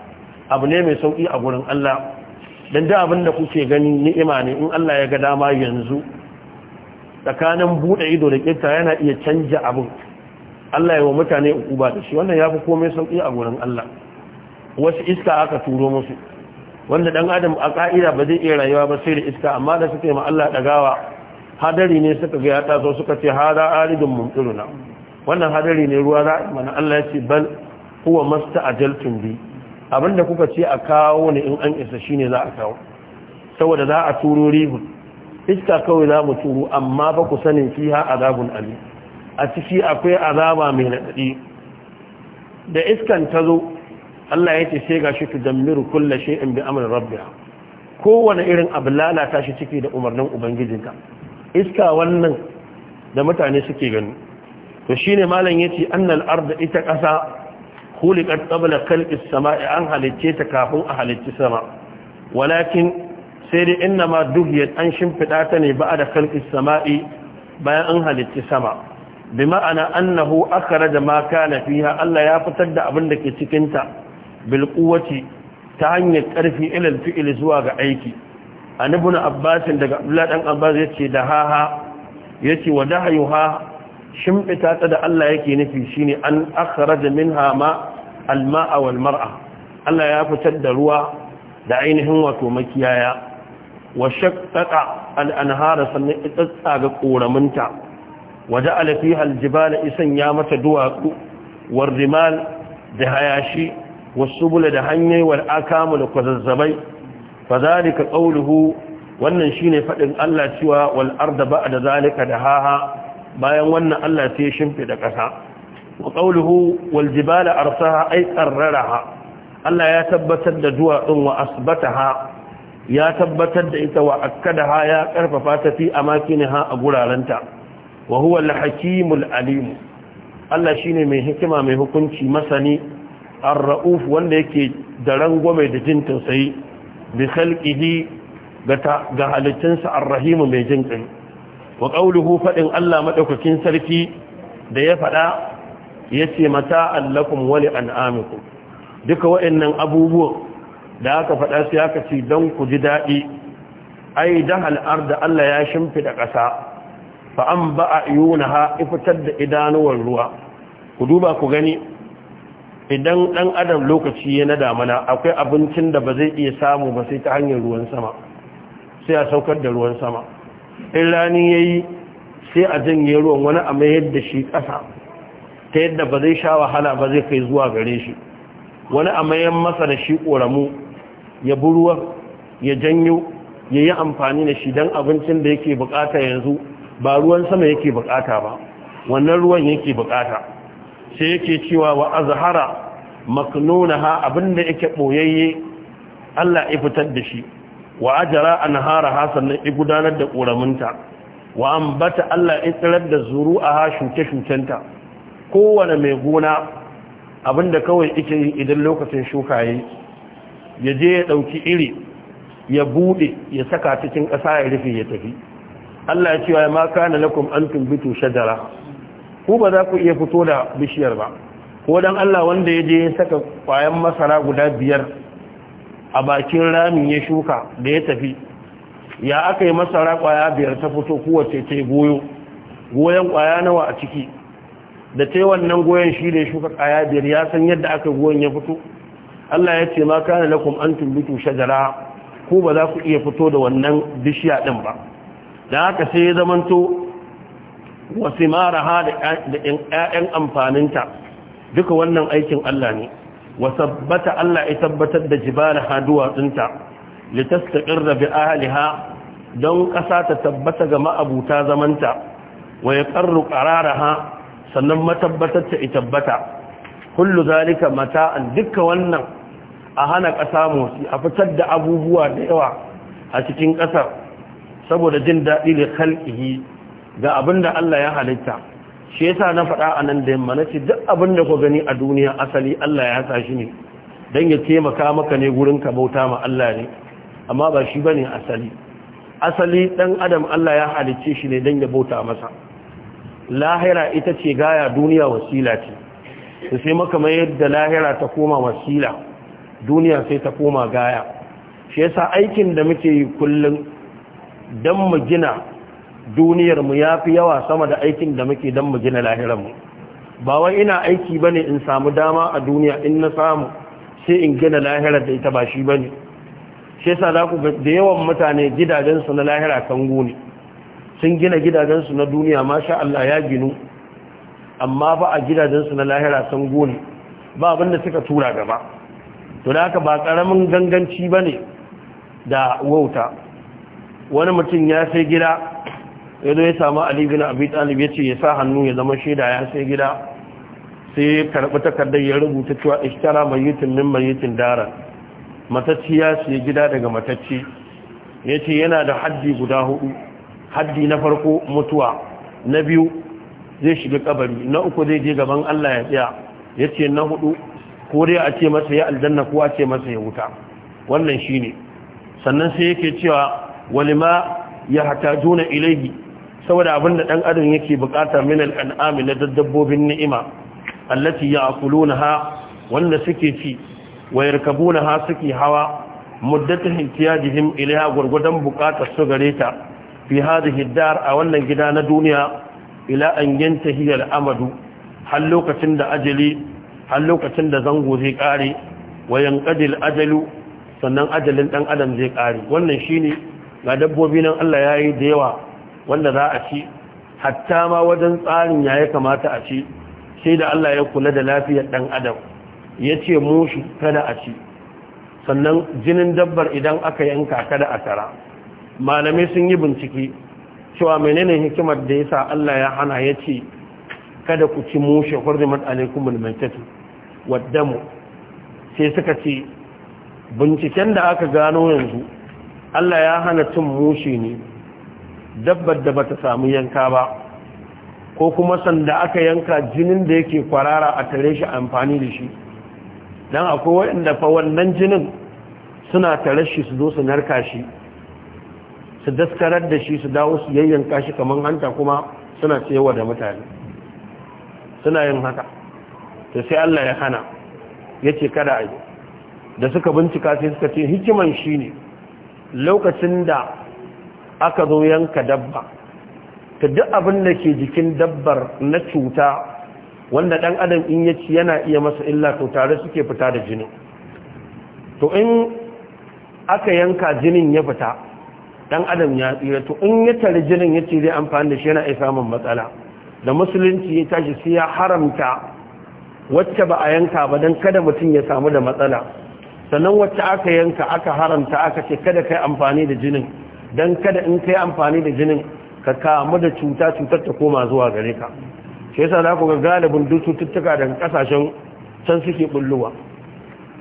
abu ne mai sauƙi a gurin Allah dan da abin da kuke gani ni'ima ne in Allah ya ga dama yanzu tsakanin buɗe ido da ƙeta yana iya canja abin Allah ya wa mutane ba da shi wannan ya fi komai sauƙi a wurin Allah wasu iska aka turo musu wanda ɗan adam a ƙa'ida ba zai iya rayuwa ba sai da iska amma da suka yi ma Allah ɗagawa hadari ne suka ga ya taso suka ce hada aridun mumtiruna wannan hadari ne ruwa za mana Allah ya ce bal a jaltun bi abinda kuka ce a kawo ne in an isa shine za a kawo saboda za a turo rihun iska kawai za mu turu amma ba ku sanin fiha azabun ali a ciki akwai azaba mai nadadi da iskan ta zo Allah ya ce sai gashi ku dammiru kulla shay'in bi amri rabbih kowane irin abu lalata shi ciki da umarnin ubangijinka iska wannan da mutane suke gani to shine malam yace annal arda ita kasa khuliqat qabla khalqis sama'i an halicce ta kafin a halicci sama walakin sai dai inna ma ya an shimfiɗa ta ne a da kalƙis sama'i bayan an halitti sama bi ma'ana annahu aka rada ma kana fiha Allah ya fitar da abin da ke cikin ta ta hanyar ƙarfi ilal fi'il zuwa ga aiki a ibn abbas daga abdullah dan abbas yace da haha yace wa ha shimfita ta da Allah yake nufi shine an akhraja minha ma al wal mar'a Allah ya fitar da ruwa da ainihin wato makiyaya wa shaqqaqa al-anhara sannan itsa ga koraminta waje alafiha al isan ya mata duwatsu war da hayashi wasubula da hanyai wal akamu da kwazazzabai fadhalika qawluhu wannan shine fadin Allah cewa wal arda ba'da zalika dahaha bayan wannan Allah sai shimfida kasa wa qawluhu wal jibala arsaha ay qarraraha Allah ya tabbatar da duwatsun wa asbataha ya tabbatar da ita wa akkadaha ya karfafa ta fi amakinaha a gurarenta wa huwa al-hakimul alim Allah shine mai hikima mai hukunci masani ar-rauf wanda yake da rangwame da jin tausayi bi khalqihi ga halittinsa ar-rahim mai jin kai wa qawluhu fadin Allah madaukakin sarki da ya fada yace mata allakum wa li an'amikum duka waɗannan abubuwan da aka faɗa sai aka ce don ku ji daɗi ai da al'ar da Allah ya shimfiɗa ƙasa fa an ba a yuna ha ifitar da idanuwar ruwa ku duba ku gani idan ɗan adam lokaci ya na damana akwai abincin da ba zai iya samu ba sai ta hanyar ruwan sama sai a saukar da ruwan sama in rani ya yi sai a janye ruwan wani a mayar da shi ƙasa ta yadda ba zai sha wahala ba zai kai zuwa gare shi wani a mayan masa da shi ƙoramu ya bi ruwa ya janyo ya yi amfani da shi don abincin da yake bukata yanzu ba ruwan sama yake bukata ba wannan ruwan yake bukata sai yake cewa wa azhara ha abinda yake boyayye Allah ya fitar da shi wa ajara anharaha sannan ya gudanar da ƙoraminta. wa ambata Allah ya tsirar da ha shuke-shukenta kowane mai gona abinda kawai yake yi idan lokacin shuka ya je ya ɗauki iri ya buɗe ya saka cikin ƙasa ya rufe ya tafi Allah ya cewa ya ma kana lakum an tumbitu shajara ku ba za ku iya fito da bishiyar ba ko dan Allah wanda ya je ya saka ƙwayan masara guda biyar a bakin ramin ya shuka da ya tafi ya aka yi masara ƙwaya biyar ta fito kowace ta goyo goyon ƙwaya nawa a ciki da ta wannan goyon shi da ya shuka kwaya biyar ya san yadda aka goyon ya fito Allah ya ce ma kana lakum an tumbitu shajara ko ba za ku iya fito da wannan bishiya din ba dan haka sai ya zamanto wasimaraha da ƴaƴan amfaninta duka wannan aikin Allah ne wasabbata Allah ya tabbatar da jibalaha duwatsunta litastaqirra bi ahliha don ƙasa ta tabbata ga ma'abuta zamanta wa ya ƙarru sannan matabbatar ta itabbata kullu zalika mata'an dukkan wannan a hana ƙasa motsi a fitar da abubuwa da yawa a cikin ƙasar saboda jin daɗi da kalƙihi ga abin da Allah ya halitta shi ya sa na faɗa a nan da yamma na ce duk abin da ku gani a duniya asali Allah ya sa shi ne don ya taimaka maka ne gurin ka bauta ma Allah ne amma ba shi ba ne asali asali ɗan adam Allah ya halicce shi ne don ya bauta masa lahira ita ce gaya duniya wasila ce su sai maka mai yadda lahira ta koma wasila duniya sai ta koma gaya shi yasa aikin da muke yi kullum don mu gina duniyar mu fi yawa sama da aikin da muke don mu gina lahirar mu ba wai ina aiki bane in samu dama a duniya in na samu sai in gina lahirar da ita ba shi bane shi yasa za ku da yawan mutane gidajensu na lahira kango ne sun gina gidajensu na duniya masha Allah ya ginu amma ba a gidajensu na lahira sun gone ba abinda suka tura gaba to da haka ba karamin ganganci ba ne da wauta wani mutum ya sai gida ya zo ya samu alibin abi ya ce ya sa hannu ya zama shaida ya sai gida sai ya karɓi takardar ya rubuta cewa ishtara mayitin min mayitin dara matacci ya sai gida daga matacci ya ce yana da haddi guda hudu haddi na farko mutuwa na biyu zai shiga kabari na uku zai je gaban allah ya tsaya ya ce na hudu ko dai a ce masa ya aljanna ko a ce masa ya wuta wannan shine sannan sai yake cewa walima ya hatajuna ilaihi saboda abinda dan adam yake bukata min al'ami na dabbobin ni'ima allati ya'kulunaha wanda suke ci wa yarkabunaha suke hawa muddatu ihtiyajihim ilaiha gurgudan bukatar su gare ta fi hadhihi dar a wannan gida na duniya ila an yantahi al'amadu har lokacin da ajali har lokacin da zango zai kare wayan qadil ajalu sannan ajalin ɗan adam zai kare wannan shine ga dabbobi nan Allah ya yi da yawa wanda za a ci hatta ma wajen tsarin ya kamata a ci sai da Allah ya kula da lafiyar ɗan adam yace mushi kada a ci sannan jinin dabbar idan aka yanka kada a tara malamai sun yi bincike cewa menene hikimar da yasa Allah ya hana yace kada ku ci mushe hurrimat alaikumul maitatu waddamu sai suka ce binciken da aka gano yanzu Allah ya hana cin mushi ne dabbar da bata samu yanka ba ko kuma sanda aka yanka jinin da yake kwarara a tare shi amfani da shi don akwai waɗanda fa wannan jinin suna tare shi su zo su narka shi su daskarar da shi su dawo su yayyanka shi kamar hanta kuma suna cewa da mutane suna yin haka to sai Allah ya hana ya ce kada a yi da suka bincika sai suka ce hikiman shi ne lokacin da aka zo yanka dabba ta duk abin da ke jikin dabbar na cuta wanda ɗan adam in ya ci yana iya masa illa to tare suke fita da jini to in aka yanka jinin ya fita ɗan adam ya tsira to in ya tare jinin ya ce zai amfani da shi yana iya samun matsala da musulunci ya tashi sai ya haramta wacce ba a yanka ba don kada mutum ya samu da matsala sannan wacce aka yanka aka haramta aka ce kada kai amfani da jinin don kada in kai amfani da jinin ka kamu da cuta cutar ta koma zuwa gare ka shi yasa za ku ga galibin duk cututtuka daga kasashen can suke bulluwa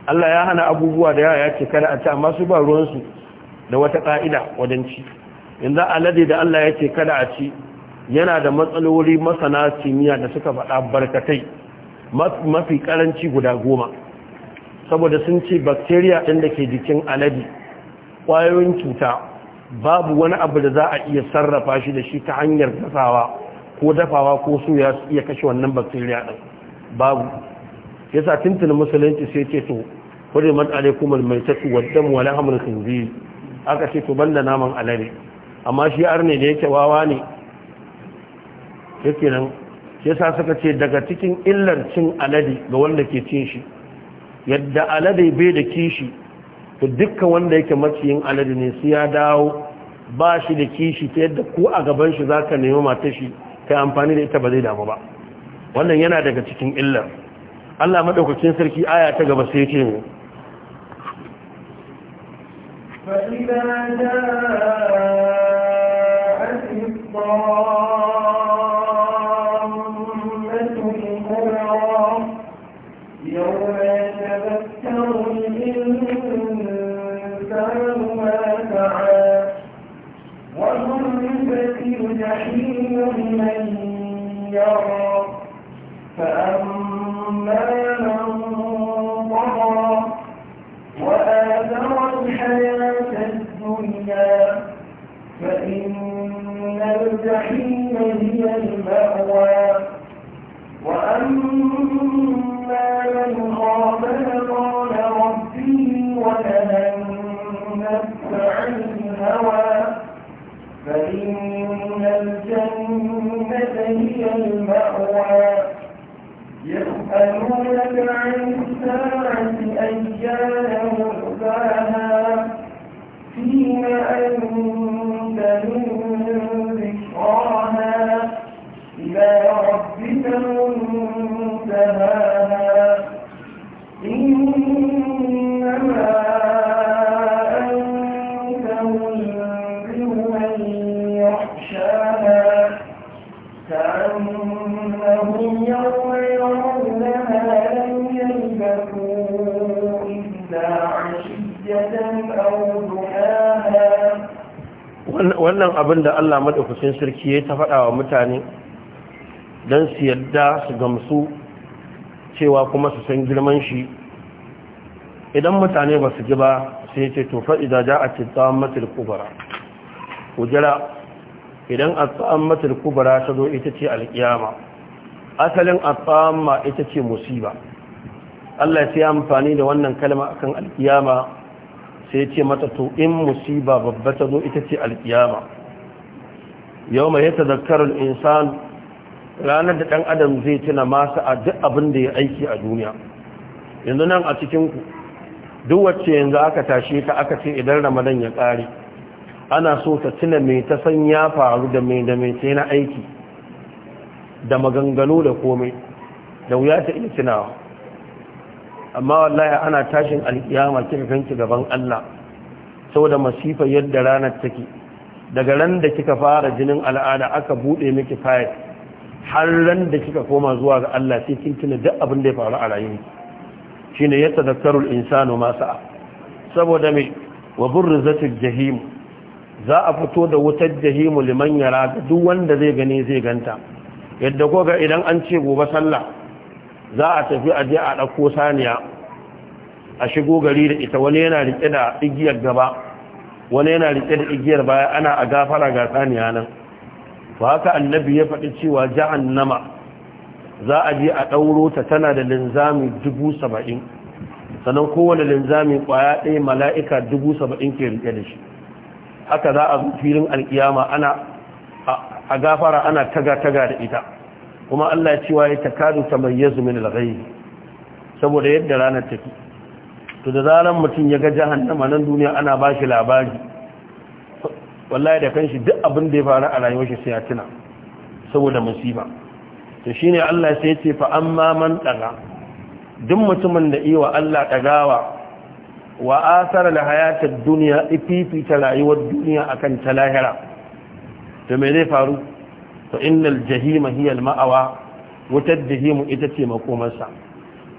Allah ya hana abubuwa da yawa ya ce kada a ci amma su ba ruwansu da wata ƙa'ida ci. yanzu alade da Allah ya ce kada a ci yana da matsaloli masana kimiyya da suka faɗa barkatai mafi karanci guda goma saboda sun ce bakteriya ɗin da ke jikin alade ƙwayoyin cuta babu wani abu da za a iya sarrafa shi da shi ta hanyar gasawa ko dafawa ko suya su iya kashe wannan bakteriya ɗin babu ya sa tuntun musulunci sai ce to tattu alaikum mu wani wala sun khinzir aka ce to banda naman alade amma shi arne da yake wawa ne yake yasa suka ce daga cikin illar cin alade ga wanda ke cin shi yadda alade bai da kishi to dukkan wanda yake maciyin alade ne su ya dawo ba shi da kishi ta yadda ko a gaban shi za ka nemi mata shi ta amfani da ita ba zai damu ba wannan yana daga cikin illar allah maɗaukacin sarki aya ta gaba sai ce ne فإذا فأما من وآثر الحياة الدنيا فإن الجحيم هي المأوى وأما من خاف عن الهوى فإن الجنة هي المأوى يسألونك عن الساعة أيان مرساها فيما أنت abin da Allah maɗaukacin sarki ya ta faɗa wa mutane don su yadda su gamsu cewa kuma su san girman shi idan mutane ba su ji ba sai ce to da ja a cikin matar kubara ku jira idan a tsawon matar kubara ta zo ita ce alƙiyama asalin a tsawon ma ita ce musiba Allah ya sai amfani da wannan kalma akan alƙiyama sai ce mata to in musiba babba ta zo ita ce alƙiyama yau mai yata zakarar insan ranar da ɗan adam zai tuna masa a duk abin da ya aiki a duniya yanzu nan a cikinku duk wacce yanzu aka tashe ta aka ce idan ramadan ya ƙare ana so ta tuna mai ta san ya faru da mai da mai sai na aiki da maganganu da komai da wuya ta iya tunawa amma wallahi ana tashin alkiyama kika gaban Allah saboda masifa yadda ranar take daga ran da kika fara jinin al'ada aka bude miki fayil har ran da kika koma zuwa ga Allah sai kin tuna duk abin da ya faru a rayuwa shine ya al insanu ma sa'a saboda me wa burzatul jahim za a fito da wutar jahimu liman yara duk wanda zai gani zai ganta yadda ko ga idan an ce gobe sallah za a tafi a je a ɗauko saniya a shigo gari da ita wani yana rike da igiyar gaba wani yana rike da igiyar baya ana a gafara ga saniya nan to haka annabi ya faɗi cewa jahannama za a je a ɗauro ta tana da linzami dubu saba'in sannan kowane linzami ƙwaya ɗaya mala'ika dubu saba'in ke rike da shi haka za a filin alkiyama ana a gafara ana taga-taga da ita kuma allah cewa ya ta kadu ta mai yazumin lagayi saboda yadda ranar take to da zarar mutum ya ga jahannama nan duniya ana ba shi labari wallahi da kanshi duk abin da ya faru a rayuwar shi sai ya tuna saboda musiba to shine Allah sai ya ce fa amma man daga duk mutumin da iwa Allah dagawa wa asara la hayatad dunya ififi ta rayuwar duniya akan ta lahira to me zai faru to innal jahima hiya al ma'awa wutar jahimu ita ce makomarsa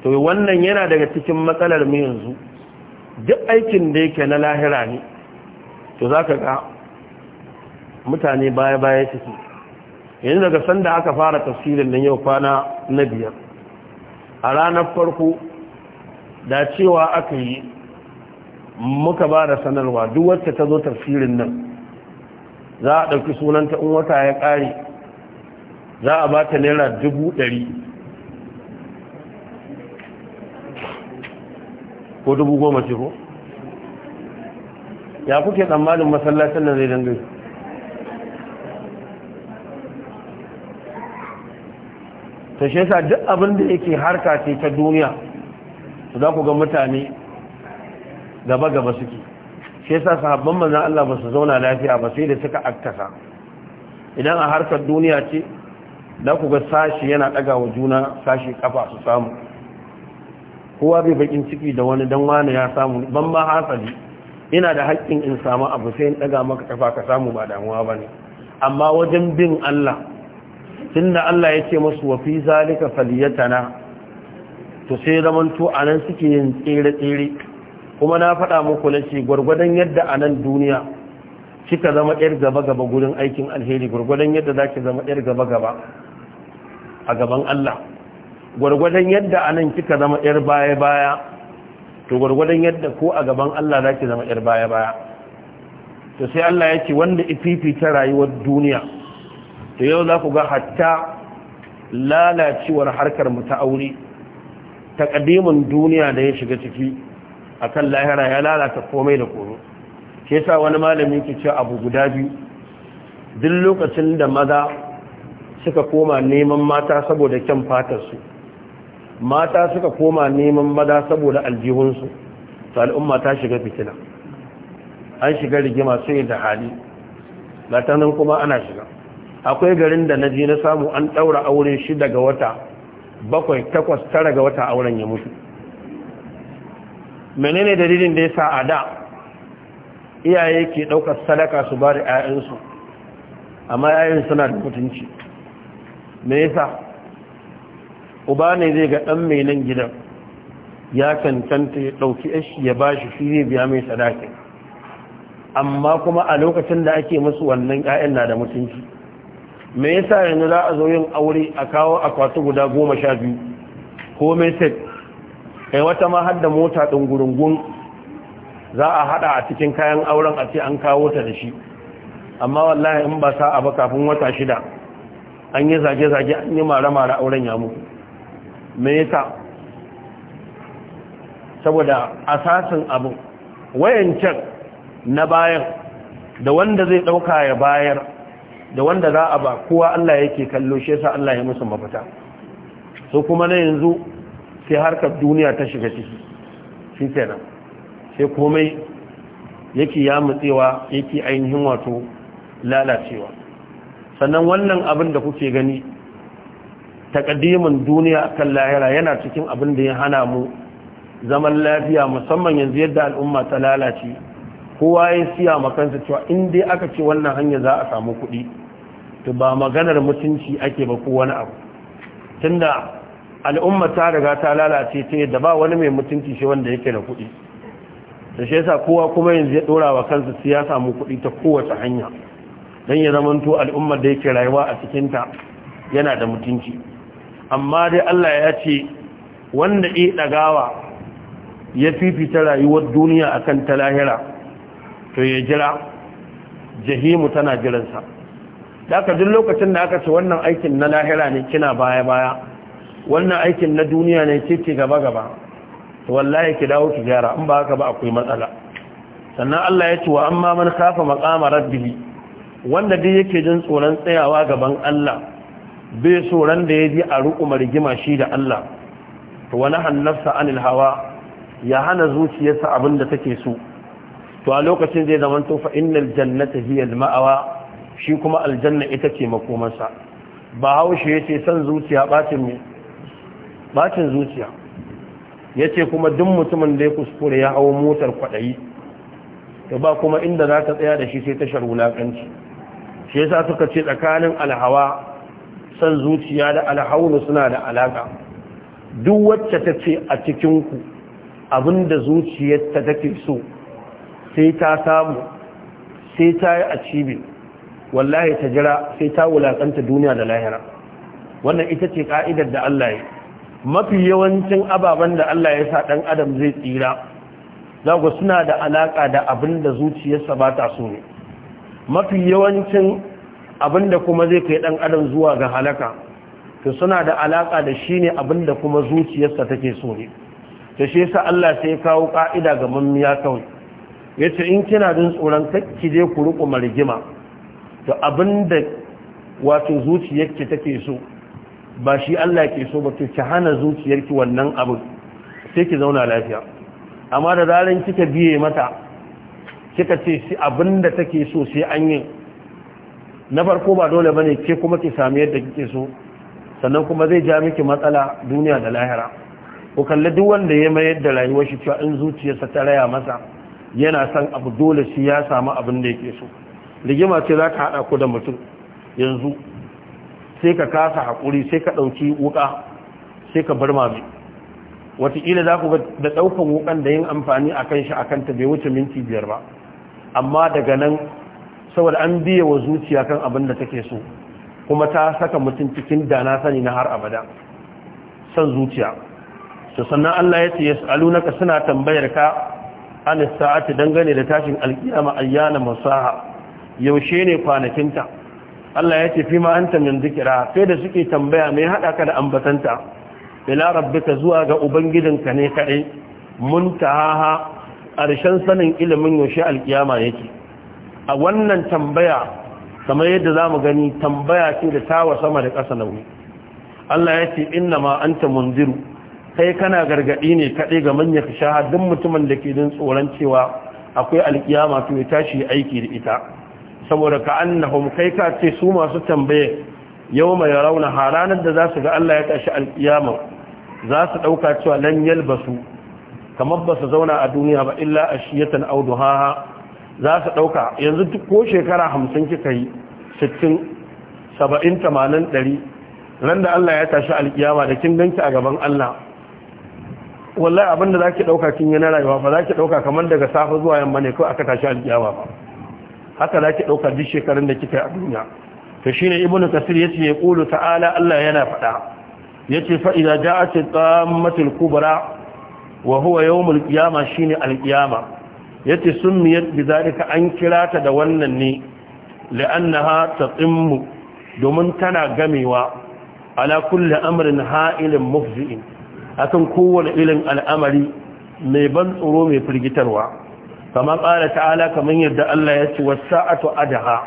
to wannan yana daga cikin matsalar mu yanzu duk aikin da yake na lahira ne to za ka ga mutane baya-baya suke yanzu daga sanda aka fara tafsirin nan yau kwana na biyar a ranar farko da cewa aka yi muka ba da sanarwa duk wacce ta zo tafsirin nan za a ɗauki sunanta in wata ya ƙare za a ba ta naira dubu ɗari ko dubu goma ce ko ya kuke tsammanin masallacin nan zai dangai ta shi yasa duk abin da yake harka ce ta duniya su za ku ga mutane gaba-gaba suke shi yasa sahabban manzan Allah ba su zauna lafiya ba sai da suka aktasa idan a harkar duniya ce za ku ga sashi yana ɗaga wa juna sashi kafa su samu kowa bai bakin ciki da wani dan wani ya samu ban ma hasali ina da haƙƙin in samu abu sai in ɗaga maka kafa ka samu ba damuwa ba ne amma wajen bin Allah tunda Allah ya ce masu wafi zalika faliyatana to sai zamanto a nan suke yin tsere-tsere kuma na faɗa muku na ce gwargwadon yadda a nan duniya kika zama 'yar gaba-gaba gurin aikin alheri gwargwadon yadda za ki zama 'yar gaba-gaba a gaban Allah gwargwadon yadda a nan kika zama yar baya baya to gwargwadon yadda ko a gaban Allah zaki zama yar baya baya to sai Allah ya ce wanda ififi ta rayuwar duniya to yau za ku ga hatta lalacewar harkar mu ta aure ta takadimin duniya da ya shiga ciki akan lahira ya lalata komai da komai shi yasa wani malami ke ce abu guda biyu duk lokacin da maza suka koma neman mata saboda kyan fatar su mata suka koma neman maza saboda aljihunsu to al'umma ta shiga fitina an shiga rigima sai da hali ta kuma ana shiga akwai garin da na je na samu an ɗaura aure shi daga wata bakwai takwas tara ga wata auren ya mutu menene dalilin da ya sa a da iyaye ke ɗaukar sadaka su ba da 'ya'yansu amma 'ya'yan suna da mutunci me yasa uba ne zai ga ɗan mai nan gidan ya cancanta ya ɗauki ashi ya ba shi shi biya mai sadakin amma kuma a lokacin da ake musu wannan 'ya'yan na da mutunci me yasa yanzu za a zo yin aure a kawo akwati guda goma sha biyu ko mai set kai wata ma har da mota ɗin gurungun za a haɗa a cikin kayan auren a ce an kawo ta da shi amma wallahi in ba sa ba kafin wata shida an yi zage-zage an yi mara-mara auren ya mutu me yasa saboda asasin abu wayancan na bayan da wanda zai dauka ya bayar da wanda za a ba kowa Allah yake kallo shi yasa Allah ya musu mafita so kuma na yanzu sai harkar duniya ta shiga ciki shi kenan sai komai yake ya mutsewa yake ainihin wato lalacewa sannan wannan abin da kuke gani takaddimin duniya kan lahira yana cikin abin da ya hana mu zaman lafiya musamman yanzu yadda al'umma ta lalace kowa ya siya makansa cewa in dai aka ce wannan hanya za a samu kuɗi to ba maganar mutunci ake ba ko wani abu tunda al'umma ta riga ta lalace ta yadda ba wani mai mutunci shi wanda yake da kuɗi da shi yasa kowa kuma yanzu ya ɗora wa kansa sai ya samu kuɗi ta kowace hanya don ya zamanto al'ummar da yake rayuwa a cikinta yana da mutunci amma dai Allah ya ce wanda ya ɗagawa ya fifita rayuwar duniya akan ta lahira to ya jira jahimu tana jiransa da ka duk lokacin da aka ce wannan aikin na lahira ne kina baya-baya wannan aikin na duniya ne ke gaba-gaba to wallahi ki dawo ki gyara in ba haka ba akwai matsala sannan Allah ya ce wa amma man kafa maqama rabbih wanda duk yake jin tsoron tsayawa gaban Allah bai tsoron da ya ji a rukuma rigima shi da Allah to wani hannarsa anil hawa ya hana zuciyarsa abin da take so to a lokacin zai zama to fa innal jannata hiya al ma'awa shi kuma aljanna ita ce makomarsa ba haushe yace san zuciya bacin ne bacin zuciya yace kuma duk mutumin da ya kuskure ya hawo motar kwadayi to ba kuma inda za ta tsaya da shi sai tashar sharwulakanci shi yasa suka ce tsakanin alhawa san zuciya da alhaunu suna da alaka duk wacce ta ce a cikinku abinda zuciyarta take so sai ta samu sai ta yi a cibi wallahi ta jira sai ta wulakanta duniya da lahira wannan ita ce ka'idar da Allah ya mafi yawancin ababen da Allah ya sa ɗan adam zai tsira za ku suna da alaƙa da abin da zuciyarsa ba ta so ne mafi yawancin abinda kuma zai kai dan adam zuwa ga halaka to suna da alaka da shine abinda kuma zuciyarsa take so ne to shi yasa Allah sai ya kawo ka'ida ga mamiya kawai yace in kina jin tsoron ki je ku ruku marigima to abinda wato zuciyarki take so ba shi Allah ke so ba to ki hana zuciyarki wannan abu sai ki zauna lafiya amma da zaran kika biye mata kika ce shi abinda take so sai an yi na farko ba dole bane ke kuma ki sami yadda kike so sannan kuma zai ja miki matsala duniya da lahira ku kalli duk wanda ya mayar da rayuwar shi cewa in zuciyarsa ta raya masa yana son abu dole shi ya samu abin da yake so rigima ce za ka haɗa ku da mutum yanzu sai ka kasa hakuri sai ka ɗauki wuƙa sai ka bar mami watakila za ku da ɗaukan wukan da yin amfani a shi a kanta bai wuce minti biyar ba amma daga nan saboda an biya wa zuciya kan abin da take so kuma ta saka mutum cikin dana sani na har abada san zuciya to sannan Allah ya ce yas'alunaka suna tambayar ka an sa'ati dangane da tashin alkiyama ayyana musaha yaushe ne kwanakin ta? Allah ya ce fi ma anta min zikira sai da suke tambaya mai hada ka da ambatanta ila rabbika zuwa ga ubangidinka ne kadai muntaha arshen sanin ilimin yaushe alkiyama yake a wannan tambaya kamar yadda za mu gani tambaya ce da tawa sama da ƙasa nauyi Allah ya ce inna ma an ta munziru kai kana gargaɗi ne kaɗai ga manyan shaha duk mutumin da ke jin tsoron cewa akwai alƙiyama to ya tashi aiki da ita saboda ka annahum kai ka ce su masu tambaye yau mai rauna ranar da za su ga Allah ya tashi alƙiyama za su ɗauka cewa lan yalbasu kamar ba su zauna a duniya ba illa a Audu auduhaha za su ɗauka yanzu duk ko shekara hamsin kika yi sittin saba'in tamanin ɗari ran da Allah ya tashi alkiyama da kin ganki a gaban Allah wallahi abin da za ki ɗauka kin yi na rayuwa ba za ki ɗauka kamar daga safe zuwa yamma ne ko aka tashi alkiyama ba haka za ki ɗauka duk shekarun da kika yi a duniya to shi ne ibn kasir ya ce ya ƙulu ta'ala Allah yana faɗa ya ce fa'iza ja a ce tsammatin wa huwa yawmul shi alkiyama yace summiyat bizarika an kira ta da wannan ne li'annaha taqimmu domin tana gamewa ala kulli amrin ha'ilin mufzi'in akan kowane ilin al'amari mai ban tsoro mai firgitarwa kama ƙara ta'ala kamar yadda Allah ya ce wasa'atu adaha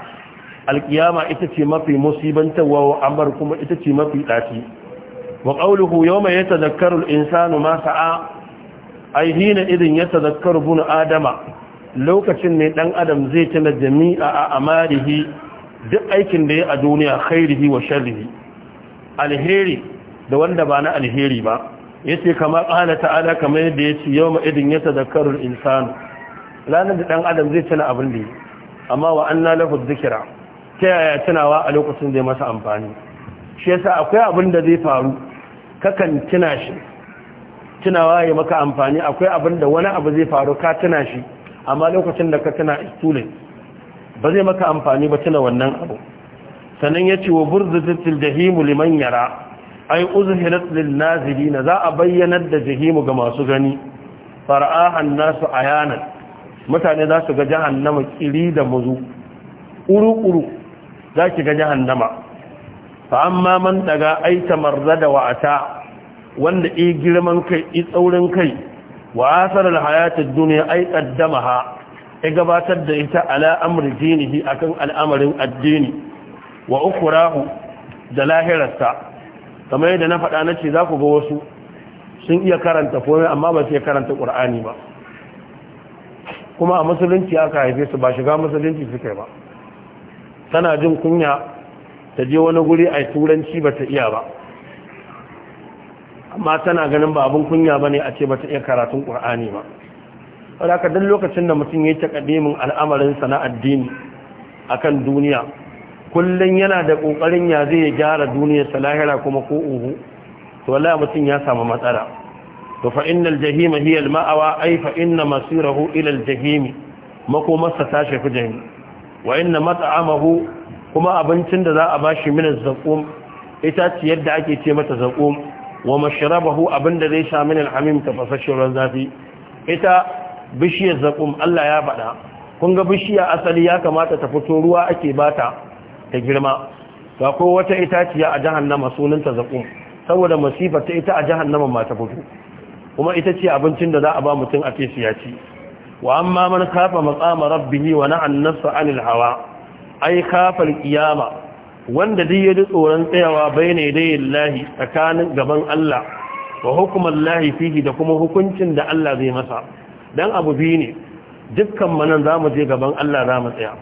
alƙiyama ita ce mafi musibantarwa wa amar kuma ita ce mafi ɗaci wa ƙauluhu yau mai ya tazakkaru insanu ma sa'a ai hina idin ya tazakkar bunu adama lokacin ne dan adam zai tana jami'a a amarihi duk aikin da ya a duniya khairihi wa sharrihi alheri da wanda ba na alheri ba yace kama qala ta'ala kamar yadda yace yawma idin ya tazakkaru al-insan ranar da dan adam zai tana abin da amma wa anna lahu dhikra ta yaya tunawa a lokacin da ya masa amfani shi yasa akwai abin da zai faru kakan tuna shi tunawa ya maka amfani akwai abin da wani abu zai faru ka tuna shi amma lokacin da ka tuna istule ba zai maka amfani ba tuna wannan abu sannan ya ce wa burzatil jahimu liman yara ai uzhirat lil nazilina za a bayyana da jahimu ga masu gani fara'ahan nasu ayanan mutane za su ga jahannama kiri da muzu uru-uru za ki ga jahannama fa amma man daga aita marzada wa'ata wanda i girman kai i tsaurin kai wa asarar hayatar duniya ai ƙaddama ha ya gabatar da ita alaamur amri dinihi akan al'amarin addini wa ukurahu da lahirarsa kamar yadda na faɗa na ce za ku ga wasu sun iya karanta komai amma ba su iya karanta ƙur'ani ba kuma a musulunci aka haife su ba shiga musulunci suke ba tana jin kunya ta je wani guri a turanci ba ta iya ba amma tana ganin ba abin kunya ba ne a ce ba ta iya karatun ƙur'ani ba wadda ka duk lokacin da mutum ya yi taƙadimin al'amarin na addini a kan duniya kullum yana da ƙoƙarin ya zai gyara ta lahira kuma ko uhu to wallahi mutum ya samu matsala to fa innal jahima hiya al ma'awa ay fa inna masirahu ila al jahimi makomarsa ta shafi jahimi wa inna mat'amahu kuma abincin da za a bashi min az-zaqum ita ce yadda ake ce mata zaqum wa mashrabahu abinda zai sha min alhamim tafassashin ruwan zafi ita bishiyar zakum Allah ya bada kun ga bishiya asali ya kamata ta fito ruwa ake bata ta girma ga ko wata itaciya a jahannama sunanta zakum saboda masifar ta ita a jahannama ma ta fito kuma ita ce abincin da za a ba mutum a ya siyaci wa amma man kafa maqama rabbihi wa na'an nafsa anil hawa ai kafal al-qiyama wanda duk ya ji tsoron tsayawa bai ne dai lahi tsakanin gaban Allah wa hukumar lahi fihi da kuma hukuncin da Allah zai masa Dan abu biyu ne dukkan manan za mu je gaban Allah za mu tsaya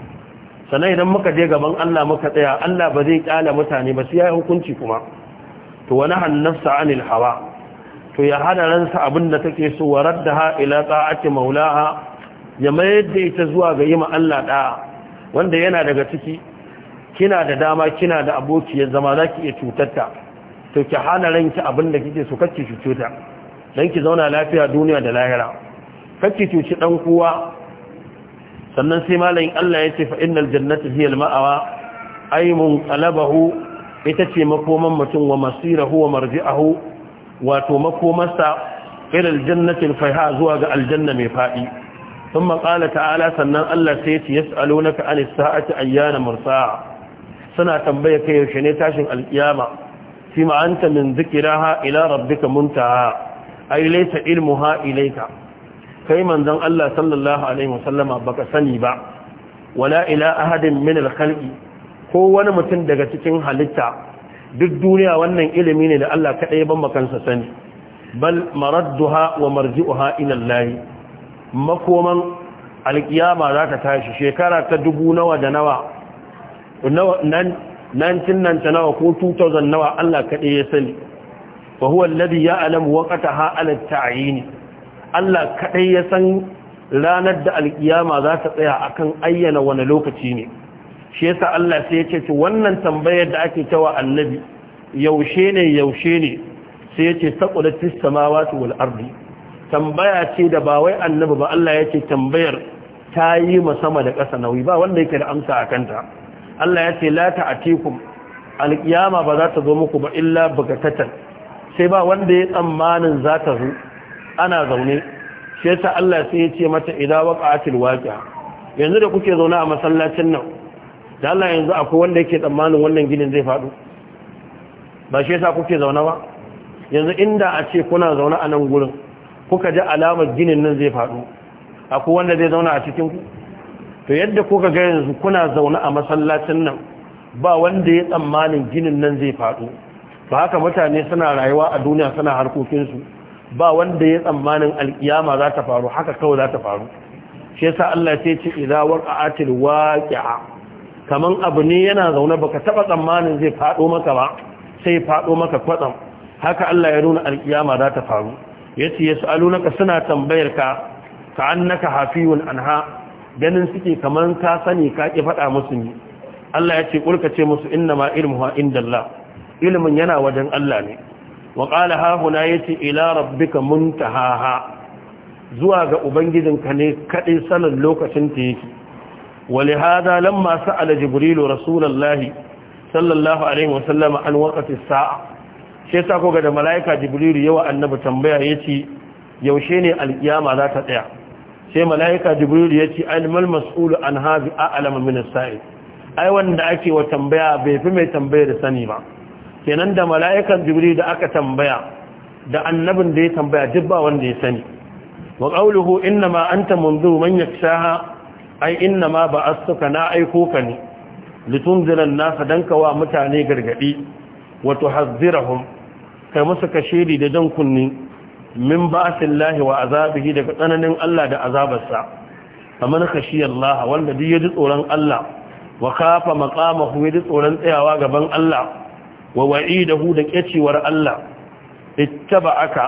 sannan idan muka je gaban Allah muka tsaya Allah ba zai kyala mutane ba sai ya hukunci kuma to wani hannafsa anil hawa to ya hada ransa abin da take so wa raddaha ila ta'ati maulaha ya mayar da ita zuwa ga yima Allah ɗaya? wanda yana daga ciki kina da dama kina da abokiyar zama za ki iya cutarta to ki hana ranki abin da kike so kacce ki cuta don ki zauna lafiya duniya da lahira kacce cuci dan kowa sannan sai malayin Allah ya ce fa innal jannata hiya al-ma'awa ay munqalabahu ita ce makoman mutum wa masirahu wa marji'ahu wato makomarsa ila al-jannati al-fayha zuwa ga aljanna mai fadi ثم قال تعالى سنن الله سيتي يسألونك عن الساعة ayyana مرساعة suna tambaya kai yaushe ne tashin alƙiyama. fi ma anta min dhikraha ila rabbika muntaha ay laysa ilmuha ilayka kai manzon Allah sallallahu alaihi wasallama baka sani ba wala ila ahadin min alkhalqi ko wani mutum daga cikin halitta duk duniya wannan ilimi ne da Allah kadai ban makansa sani bal maradduha wa marji'uha ila Allah makoman alkiyama za ta tashi shekara ta dubu nawa da nawa 1990 ko 2000 nawa Allah kaɗai ya sani fa huwa alladhi ya'lamu ha 'ala at-ta'yin Allah kaɗai ya san ranar da alkiyama za ta tsaya akan ayyana wani lokaci ne shi yasa Allah sai ya ce wannan tambayar da ake cewa annabi yaushe ne yaushe ne sai ya ce samawati wal ardi tambaya ce da ba wai annabi ba Allah ya ce tambayar ta yi sama da ƙasa nauyi ba wanda yake da amsa a kanta Allah ya ce la ta'atikum alƙiyama ba za ta zo muku ba illa bugatatan sai ba wanda ya tsammanin za ta zo ana zaune shi ta Allah sai ya ce mata idza waqa'atil waqi'a yanzu da kuke zauna a masallacin nan da Allah yanzu akwai wanda yake tsammanin wannan ginin zai faɗo ba shi yasa kuke zauna ba yanzu inda a ce kuna zaune a nan gurin kuka ji alamar ginin nan zai faɗo akwai wanda zai zauna a cikin ku to yadda kuka ga yanzu kuna zaune a masallacin nan ba wanda ya tsammanin ginin nan zai faɗo ba haka mutane suna rayuwa a duniya suna harkokinsu ba wanda ya tsammanin alkiyama za ta faru haka kawai za ta faru shi yasa Allah sai ce idza waqa'atil waqi'a kaman abu ne yana zaune baka taba tsammanin zai faɗo maka ba sai faɗo maka kwatsam haka Allah ya nuna alkiyama za ta faru yace yasalunaka suna tambayar ka ka annaka hafiyun anha ganin suke kamar ka sani ka ki faɗa musu ne Allah ya ce kulka ce musu inna ma ilmuha indallah ilmin yana wajen Allah ne wa qala ha huna ce, ila rabbika muntahaha zuwa ga ubangijinka ne kadai sanin lokacin ta yake ولهذا لما سأل جبريل رسول الله sallallahu alaihi عليه وسلم عن وقت الساعة sai ta koga da mala'ika jibrilu yawa annabi tambaya ya ce yaushe ne alkiyama za ta tsaya sai mala'ika jibril ya ce almal mas'ulu an hazi a alama min ai wanda ake wa tambaya bai fi mai tambaya da sani ba kenan da mala'ikan jibril da aka tambaya da annabin da ya tambaya duk ba wanda ya sani wa qawluhu an anta munziru man shaha. ai innama ba'astuka na aiko ka ne litunzira an-nasa wa mutane gargadi Wato tuhazzirahum kai musu kashiri da jan kunni min ba'sillahi wa azabihi daga tsananin Allah da azabarsa faman khashiya Allah wanda duk yaji tsoron Allah wa kafa maqamahu yaji tsoron tsayawa gaban Allah wa wa'idahu da kecewar Allah aka.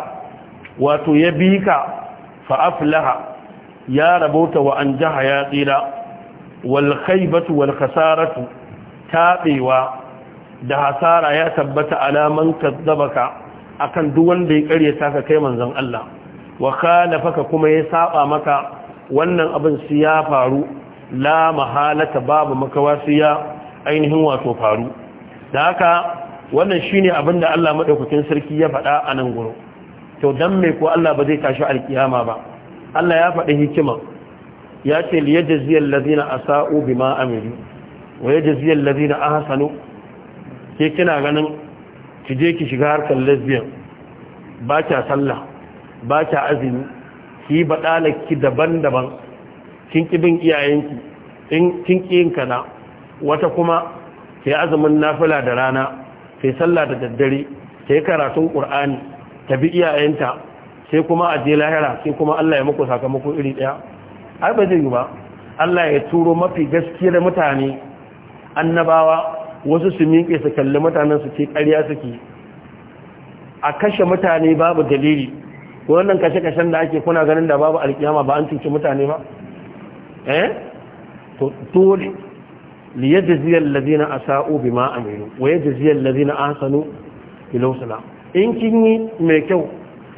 wato ya bika fa aflaha ya rabota wa an jaha ya tsira wal khaybatu wal khasaratu Taɓewa. da hasara ya tabbata alaman kazzabaka akan duk wanda ya karyata ka kai manzon Allah wa khalafaka kuma ya saba maka wannan abin su ya faru la mahalata babu makawasiya su ya ainihin wato faru da haka wannan shine abin da Allah madaukakin sarki ya faɗa a nan gurin to dan me ko Allah ba zai tashi alkiyama ba Allah ya faɗi hikima ya ce liyajziyal ladina asa'u bima amilu wa yajzi ladina ahsanu ke kina ganin ki je ki shiga harkar lesbian ba kya sallah ba kya azumi ki yi baɗalarki daban-daban kin ki bin iyayenki kin ki yin kana wata kuma ke azumin nafila da rana ke sallah da daddare ki karatun ƙur'ani ta bi iyayenta sai kuma a je lahira sai kuma Allah ya muku sakamako iri ɗaya ai ba zai yi ba Allah ya turo mafi gaskiya da mutane annabawa wasu su miƙe su kalli mutanen su ce ƙarya suke a kashe mutane babu dalili wannan kashe-kashen da ake kuna ganin da babu alkiyama ba an cuci mutane ba eh to dole yajziyal ladina asa'u bima amilu wa yajziyal ladina ahsanu bil husna in kin yi mai kyau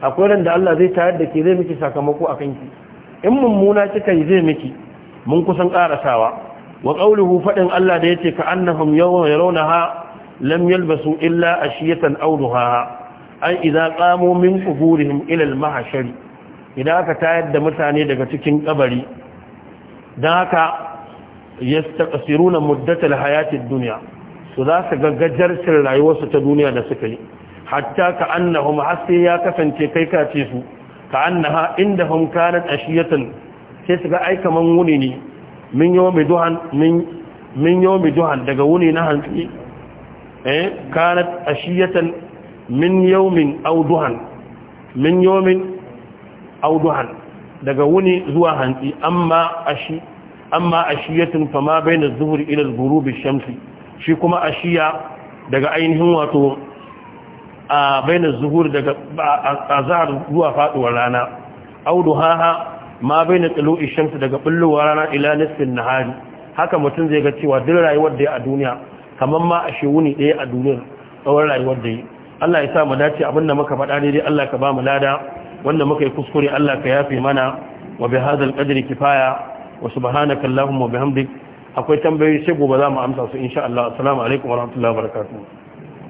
akwai da Allah zai tayar da ke zai miki sakamako akan ki in mummuna kika yi zai miki mun kusan karasawa wa qawluhu Allah da yace ka annahum yawma yarawnaha lam yalbasu illa ashiyatan aw duhaha ai idza qamu min quburihim ila al-mahshar idan aka tayar da mutane daga cikin kabari dan haka yastaqsiruna muddat al-hayati ad-dunya su za su gaggajarcin rayuwarsu ta duniya da suka yi hatta ka annahum hasi ya kasance kai kace su ka annaha indahum kanat ashiyatan sai su ga ai kaman wuni ne min yawmi duhan min duhan daga wuni na hantsi eh kanat ashiyatan min yawmin aw duhan min yawmin aw duhan daga wuni zuwa hantsi amma ashi amma ashiyatun fama bayna az ila al-ghurub ash-shamsi shi kuma ashiya daga ainihin wato a bayna az-zuhur daga azhar zuwa faduwar rana aw duhaha ma bai na tsalo ishamsu daga ɓullowa rana ila na nahari haka mutum zai ga cewa duk rayuwar da ya a duniya kamar ma a shewuni ɗaya a duniyar tsawon rayuwar da ya Allah ya sa mu dace abin da muka faɗa daidai Allah ka ba mu lada wanda muka yi kuskure Allah ka yafe mana wa bi hadal qadri kifaya wa subhanaka allahumma wa bihamdik akwai tambayoyi sai gobe za mu amsa su insha Allah assalamu alaikum wa rahmatullahi wa barakatuh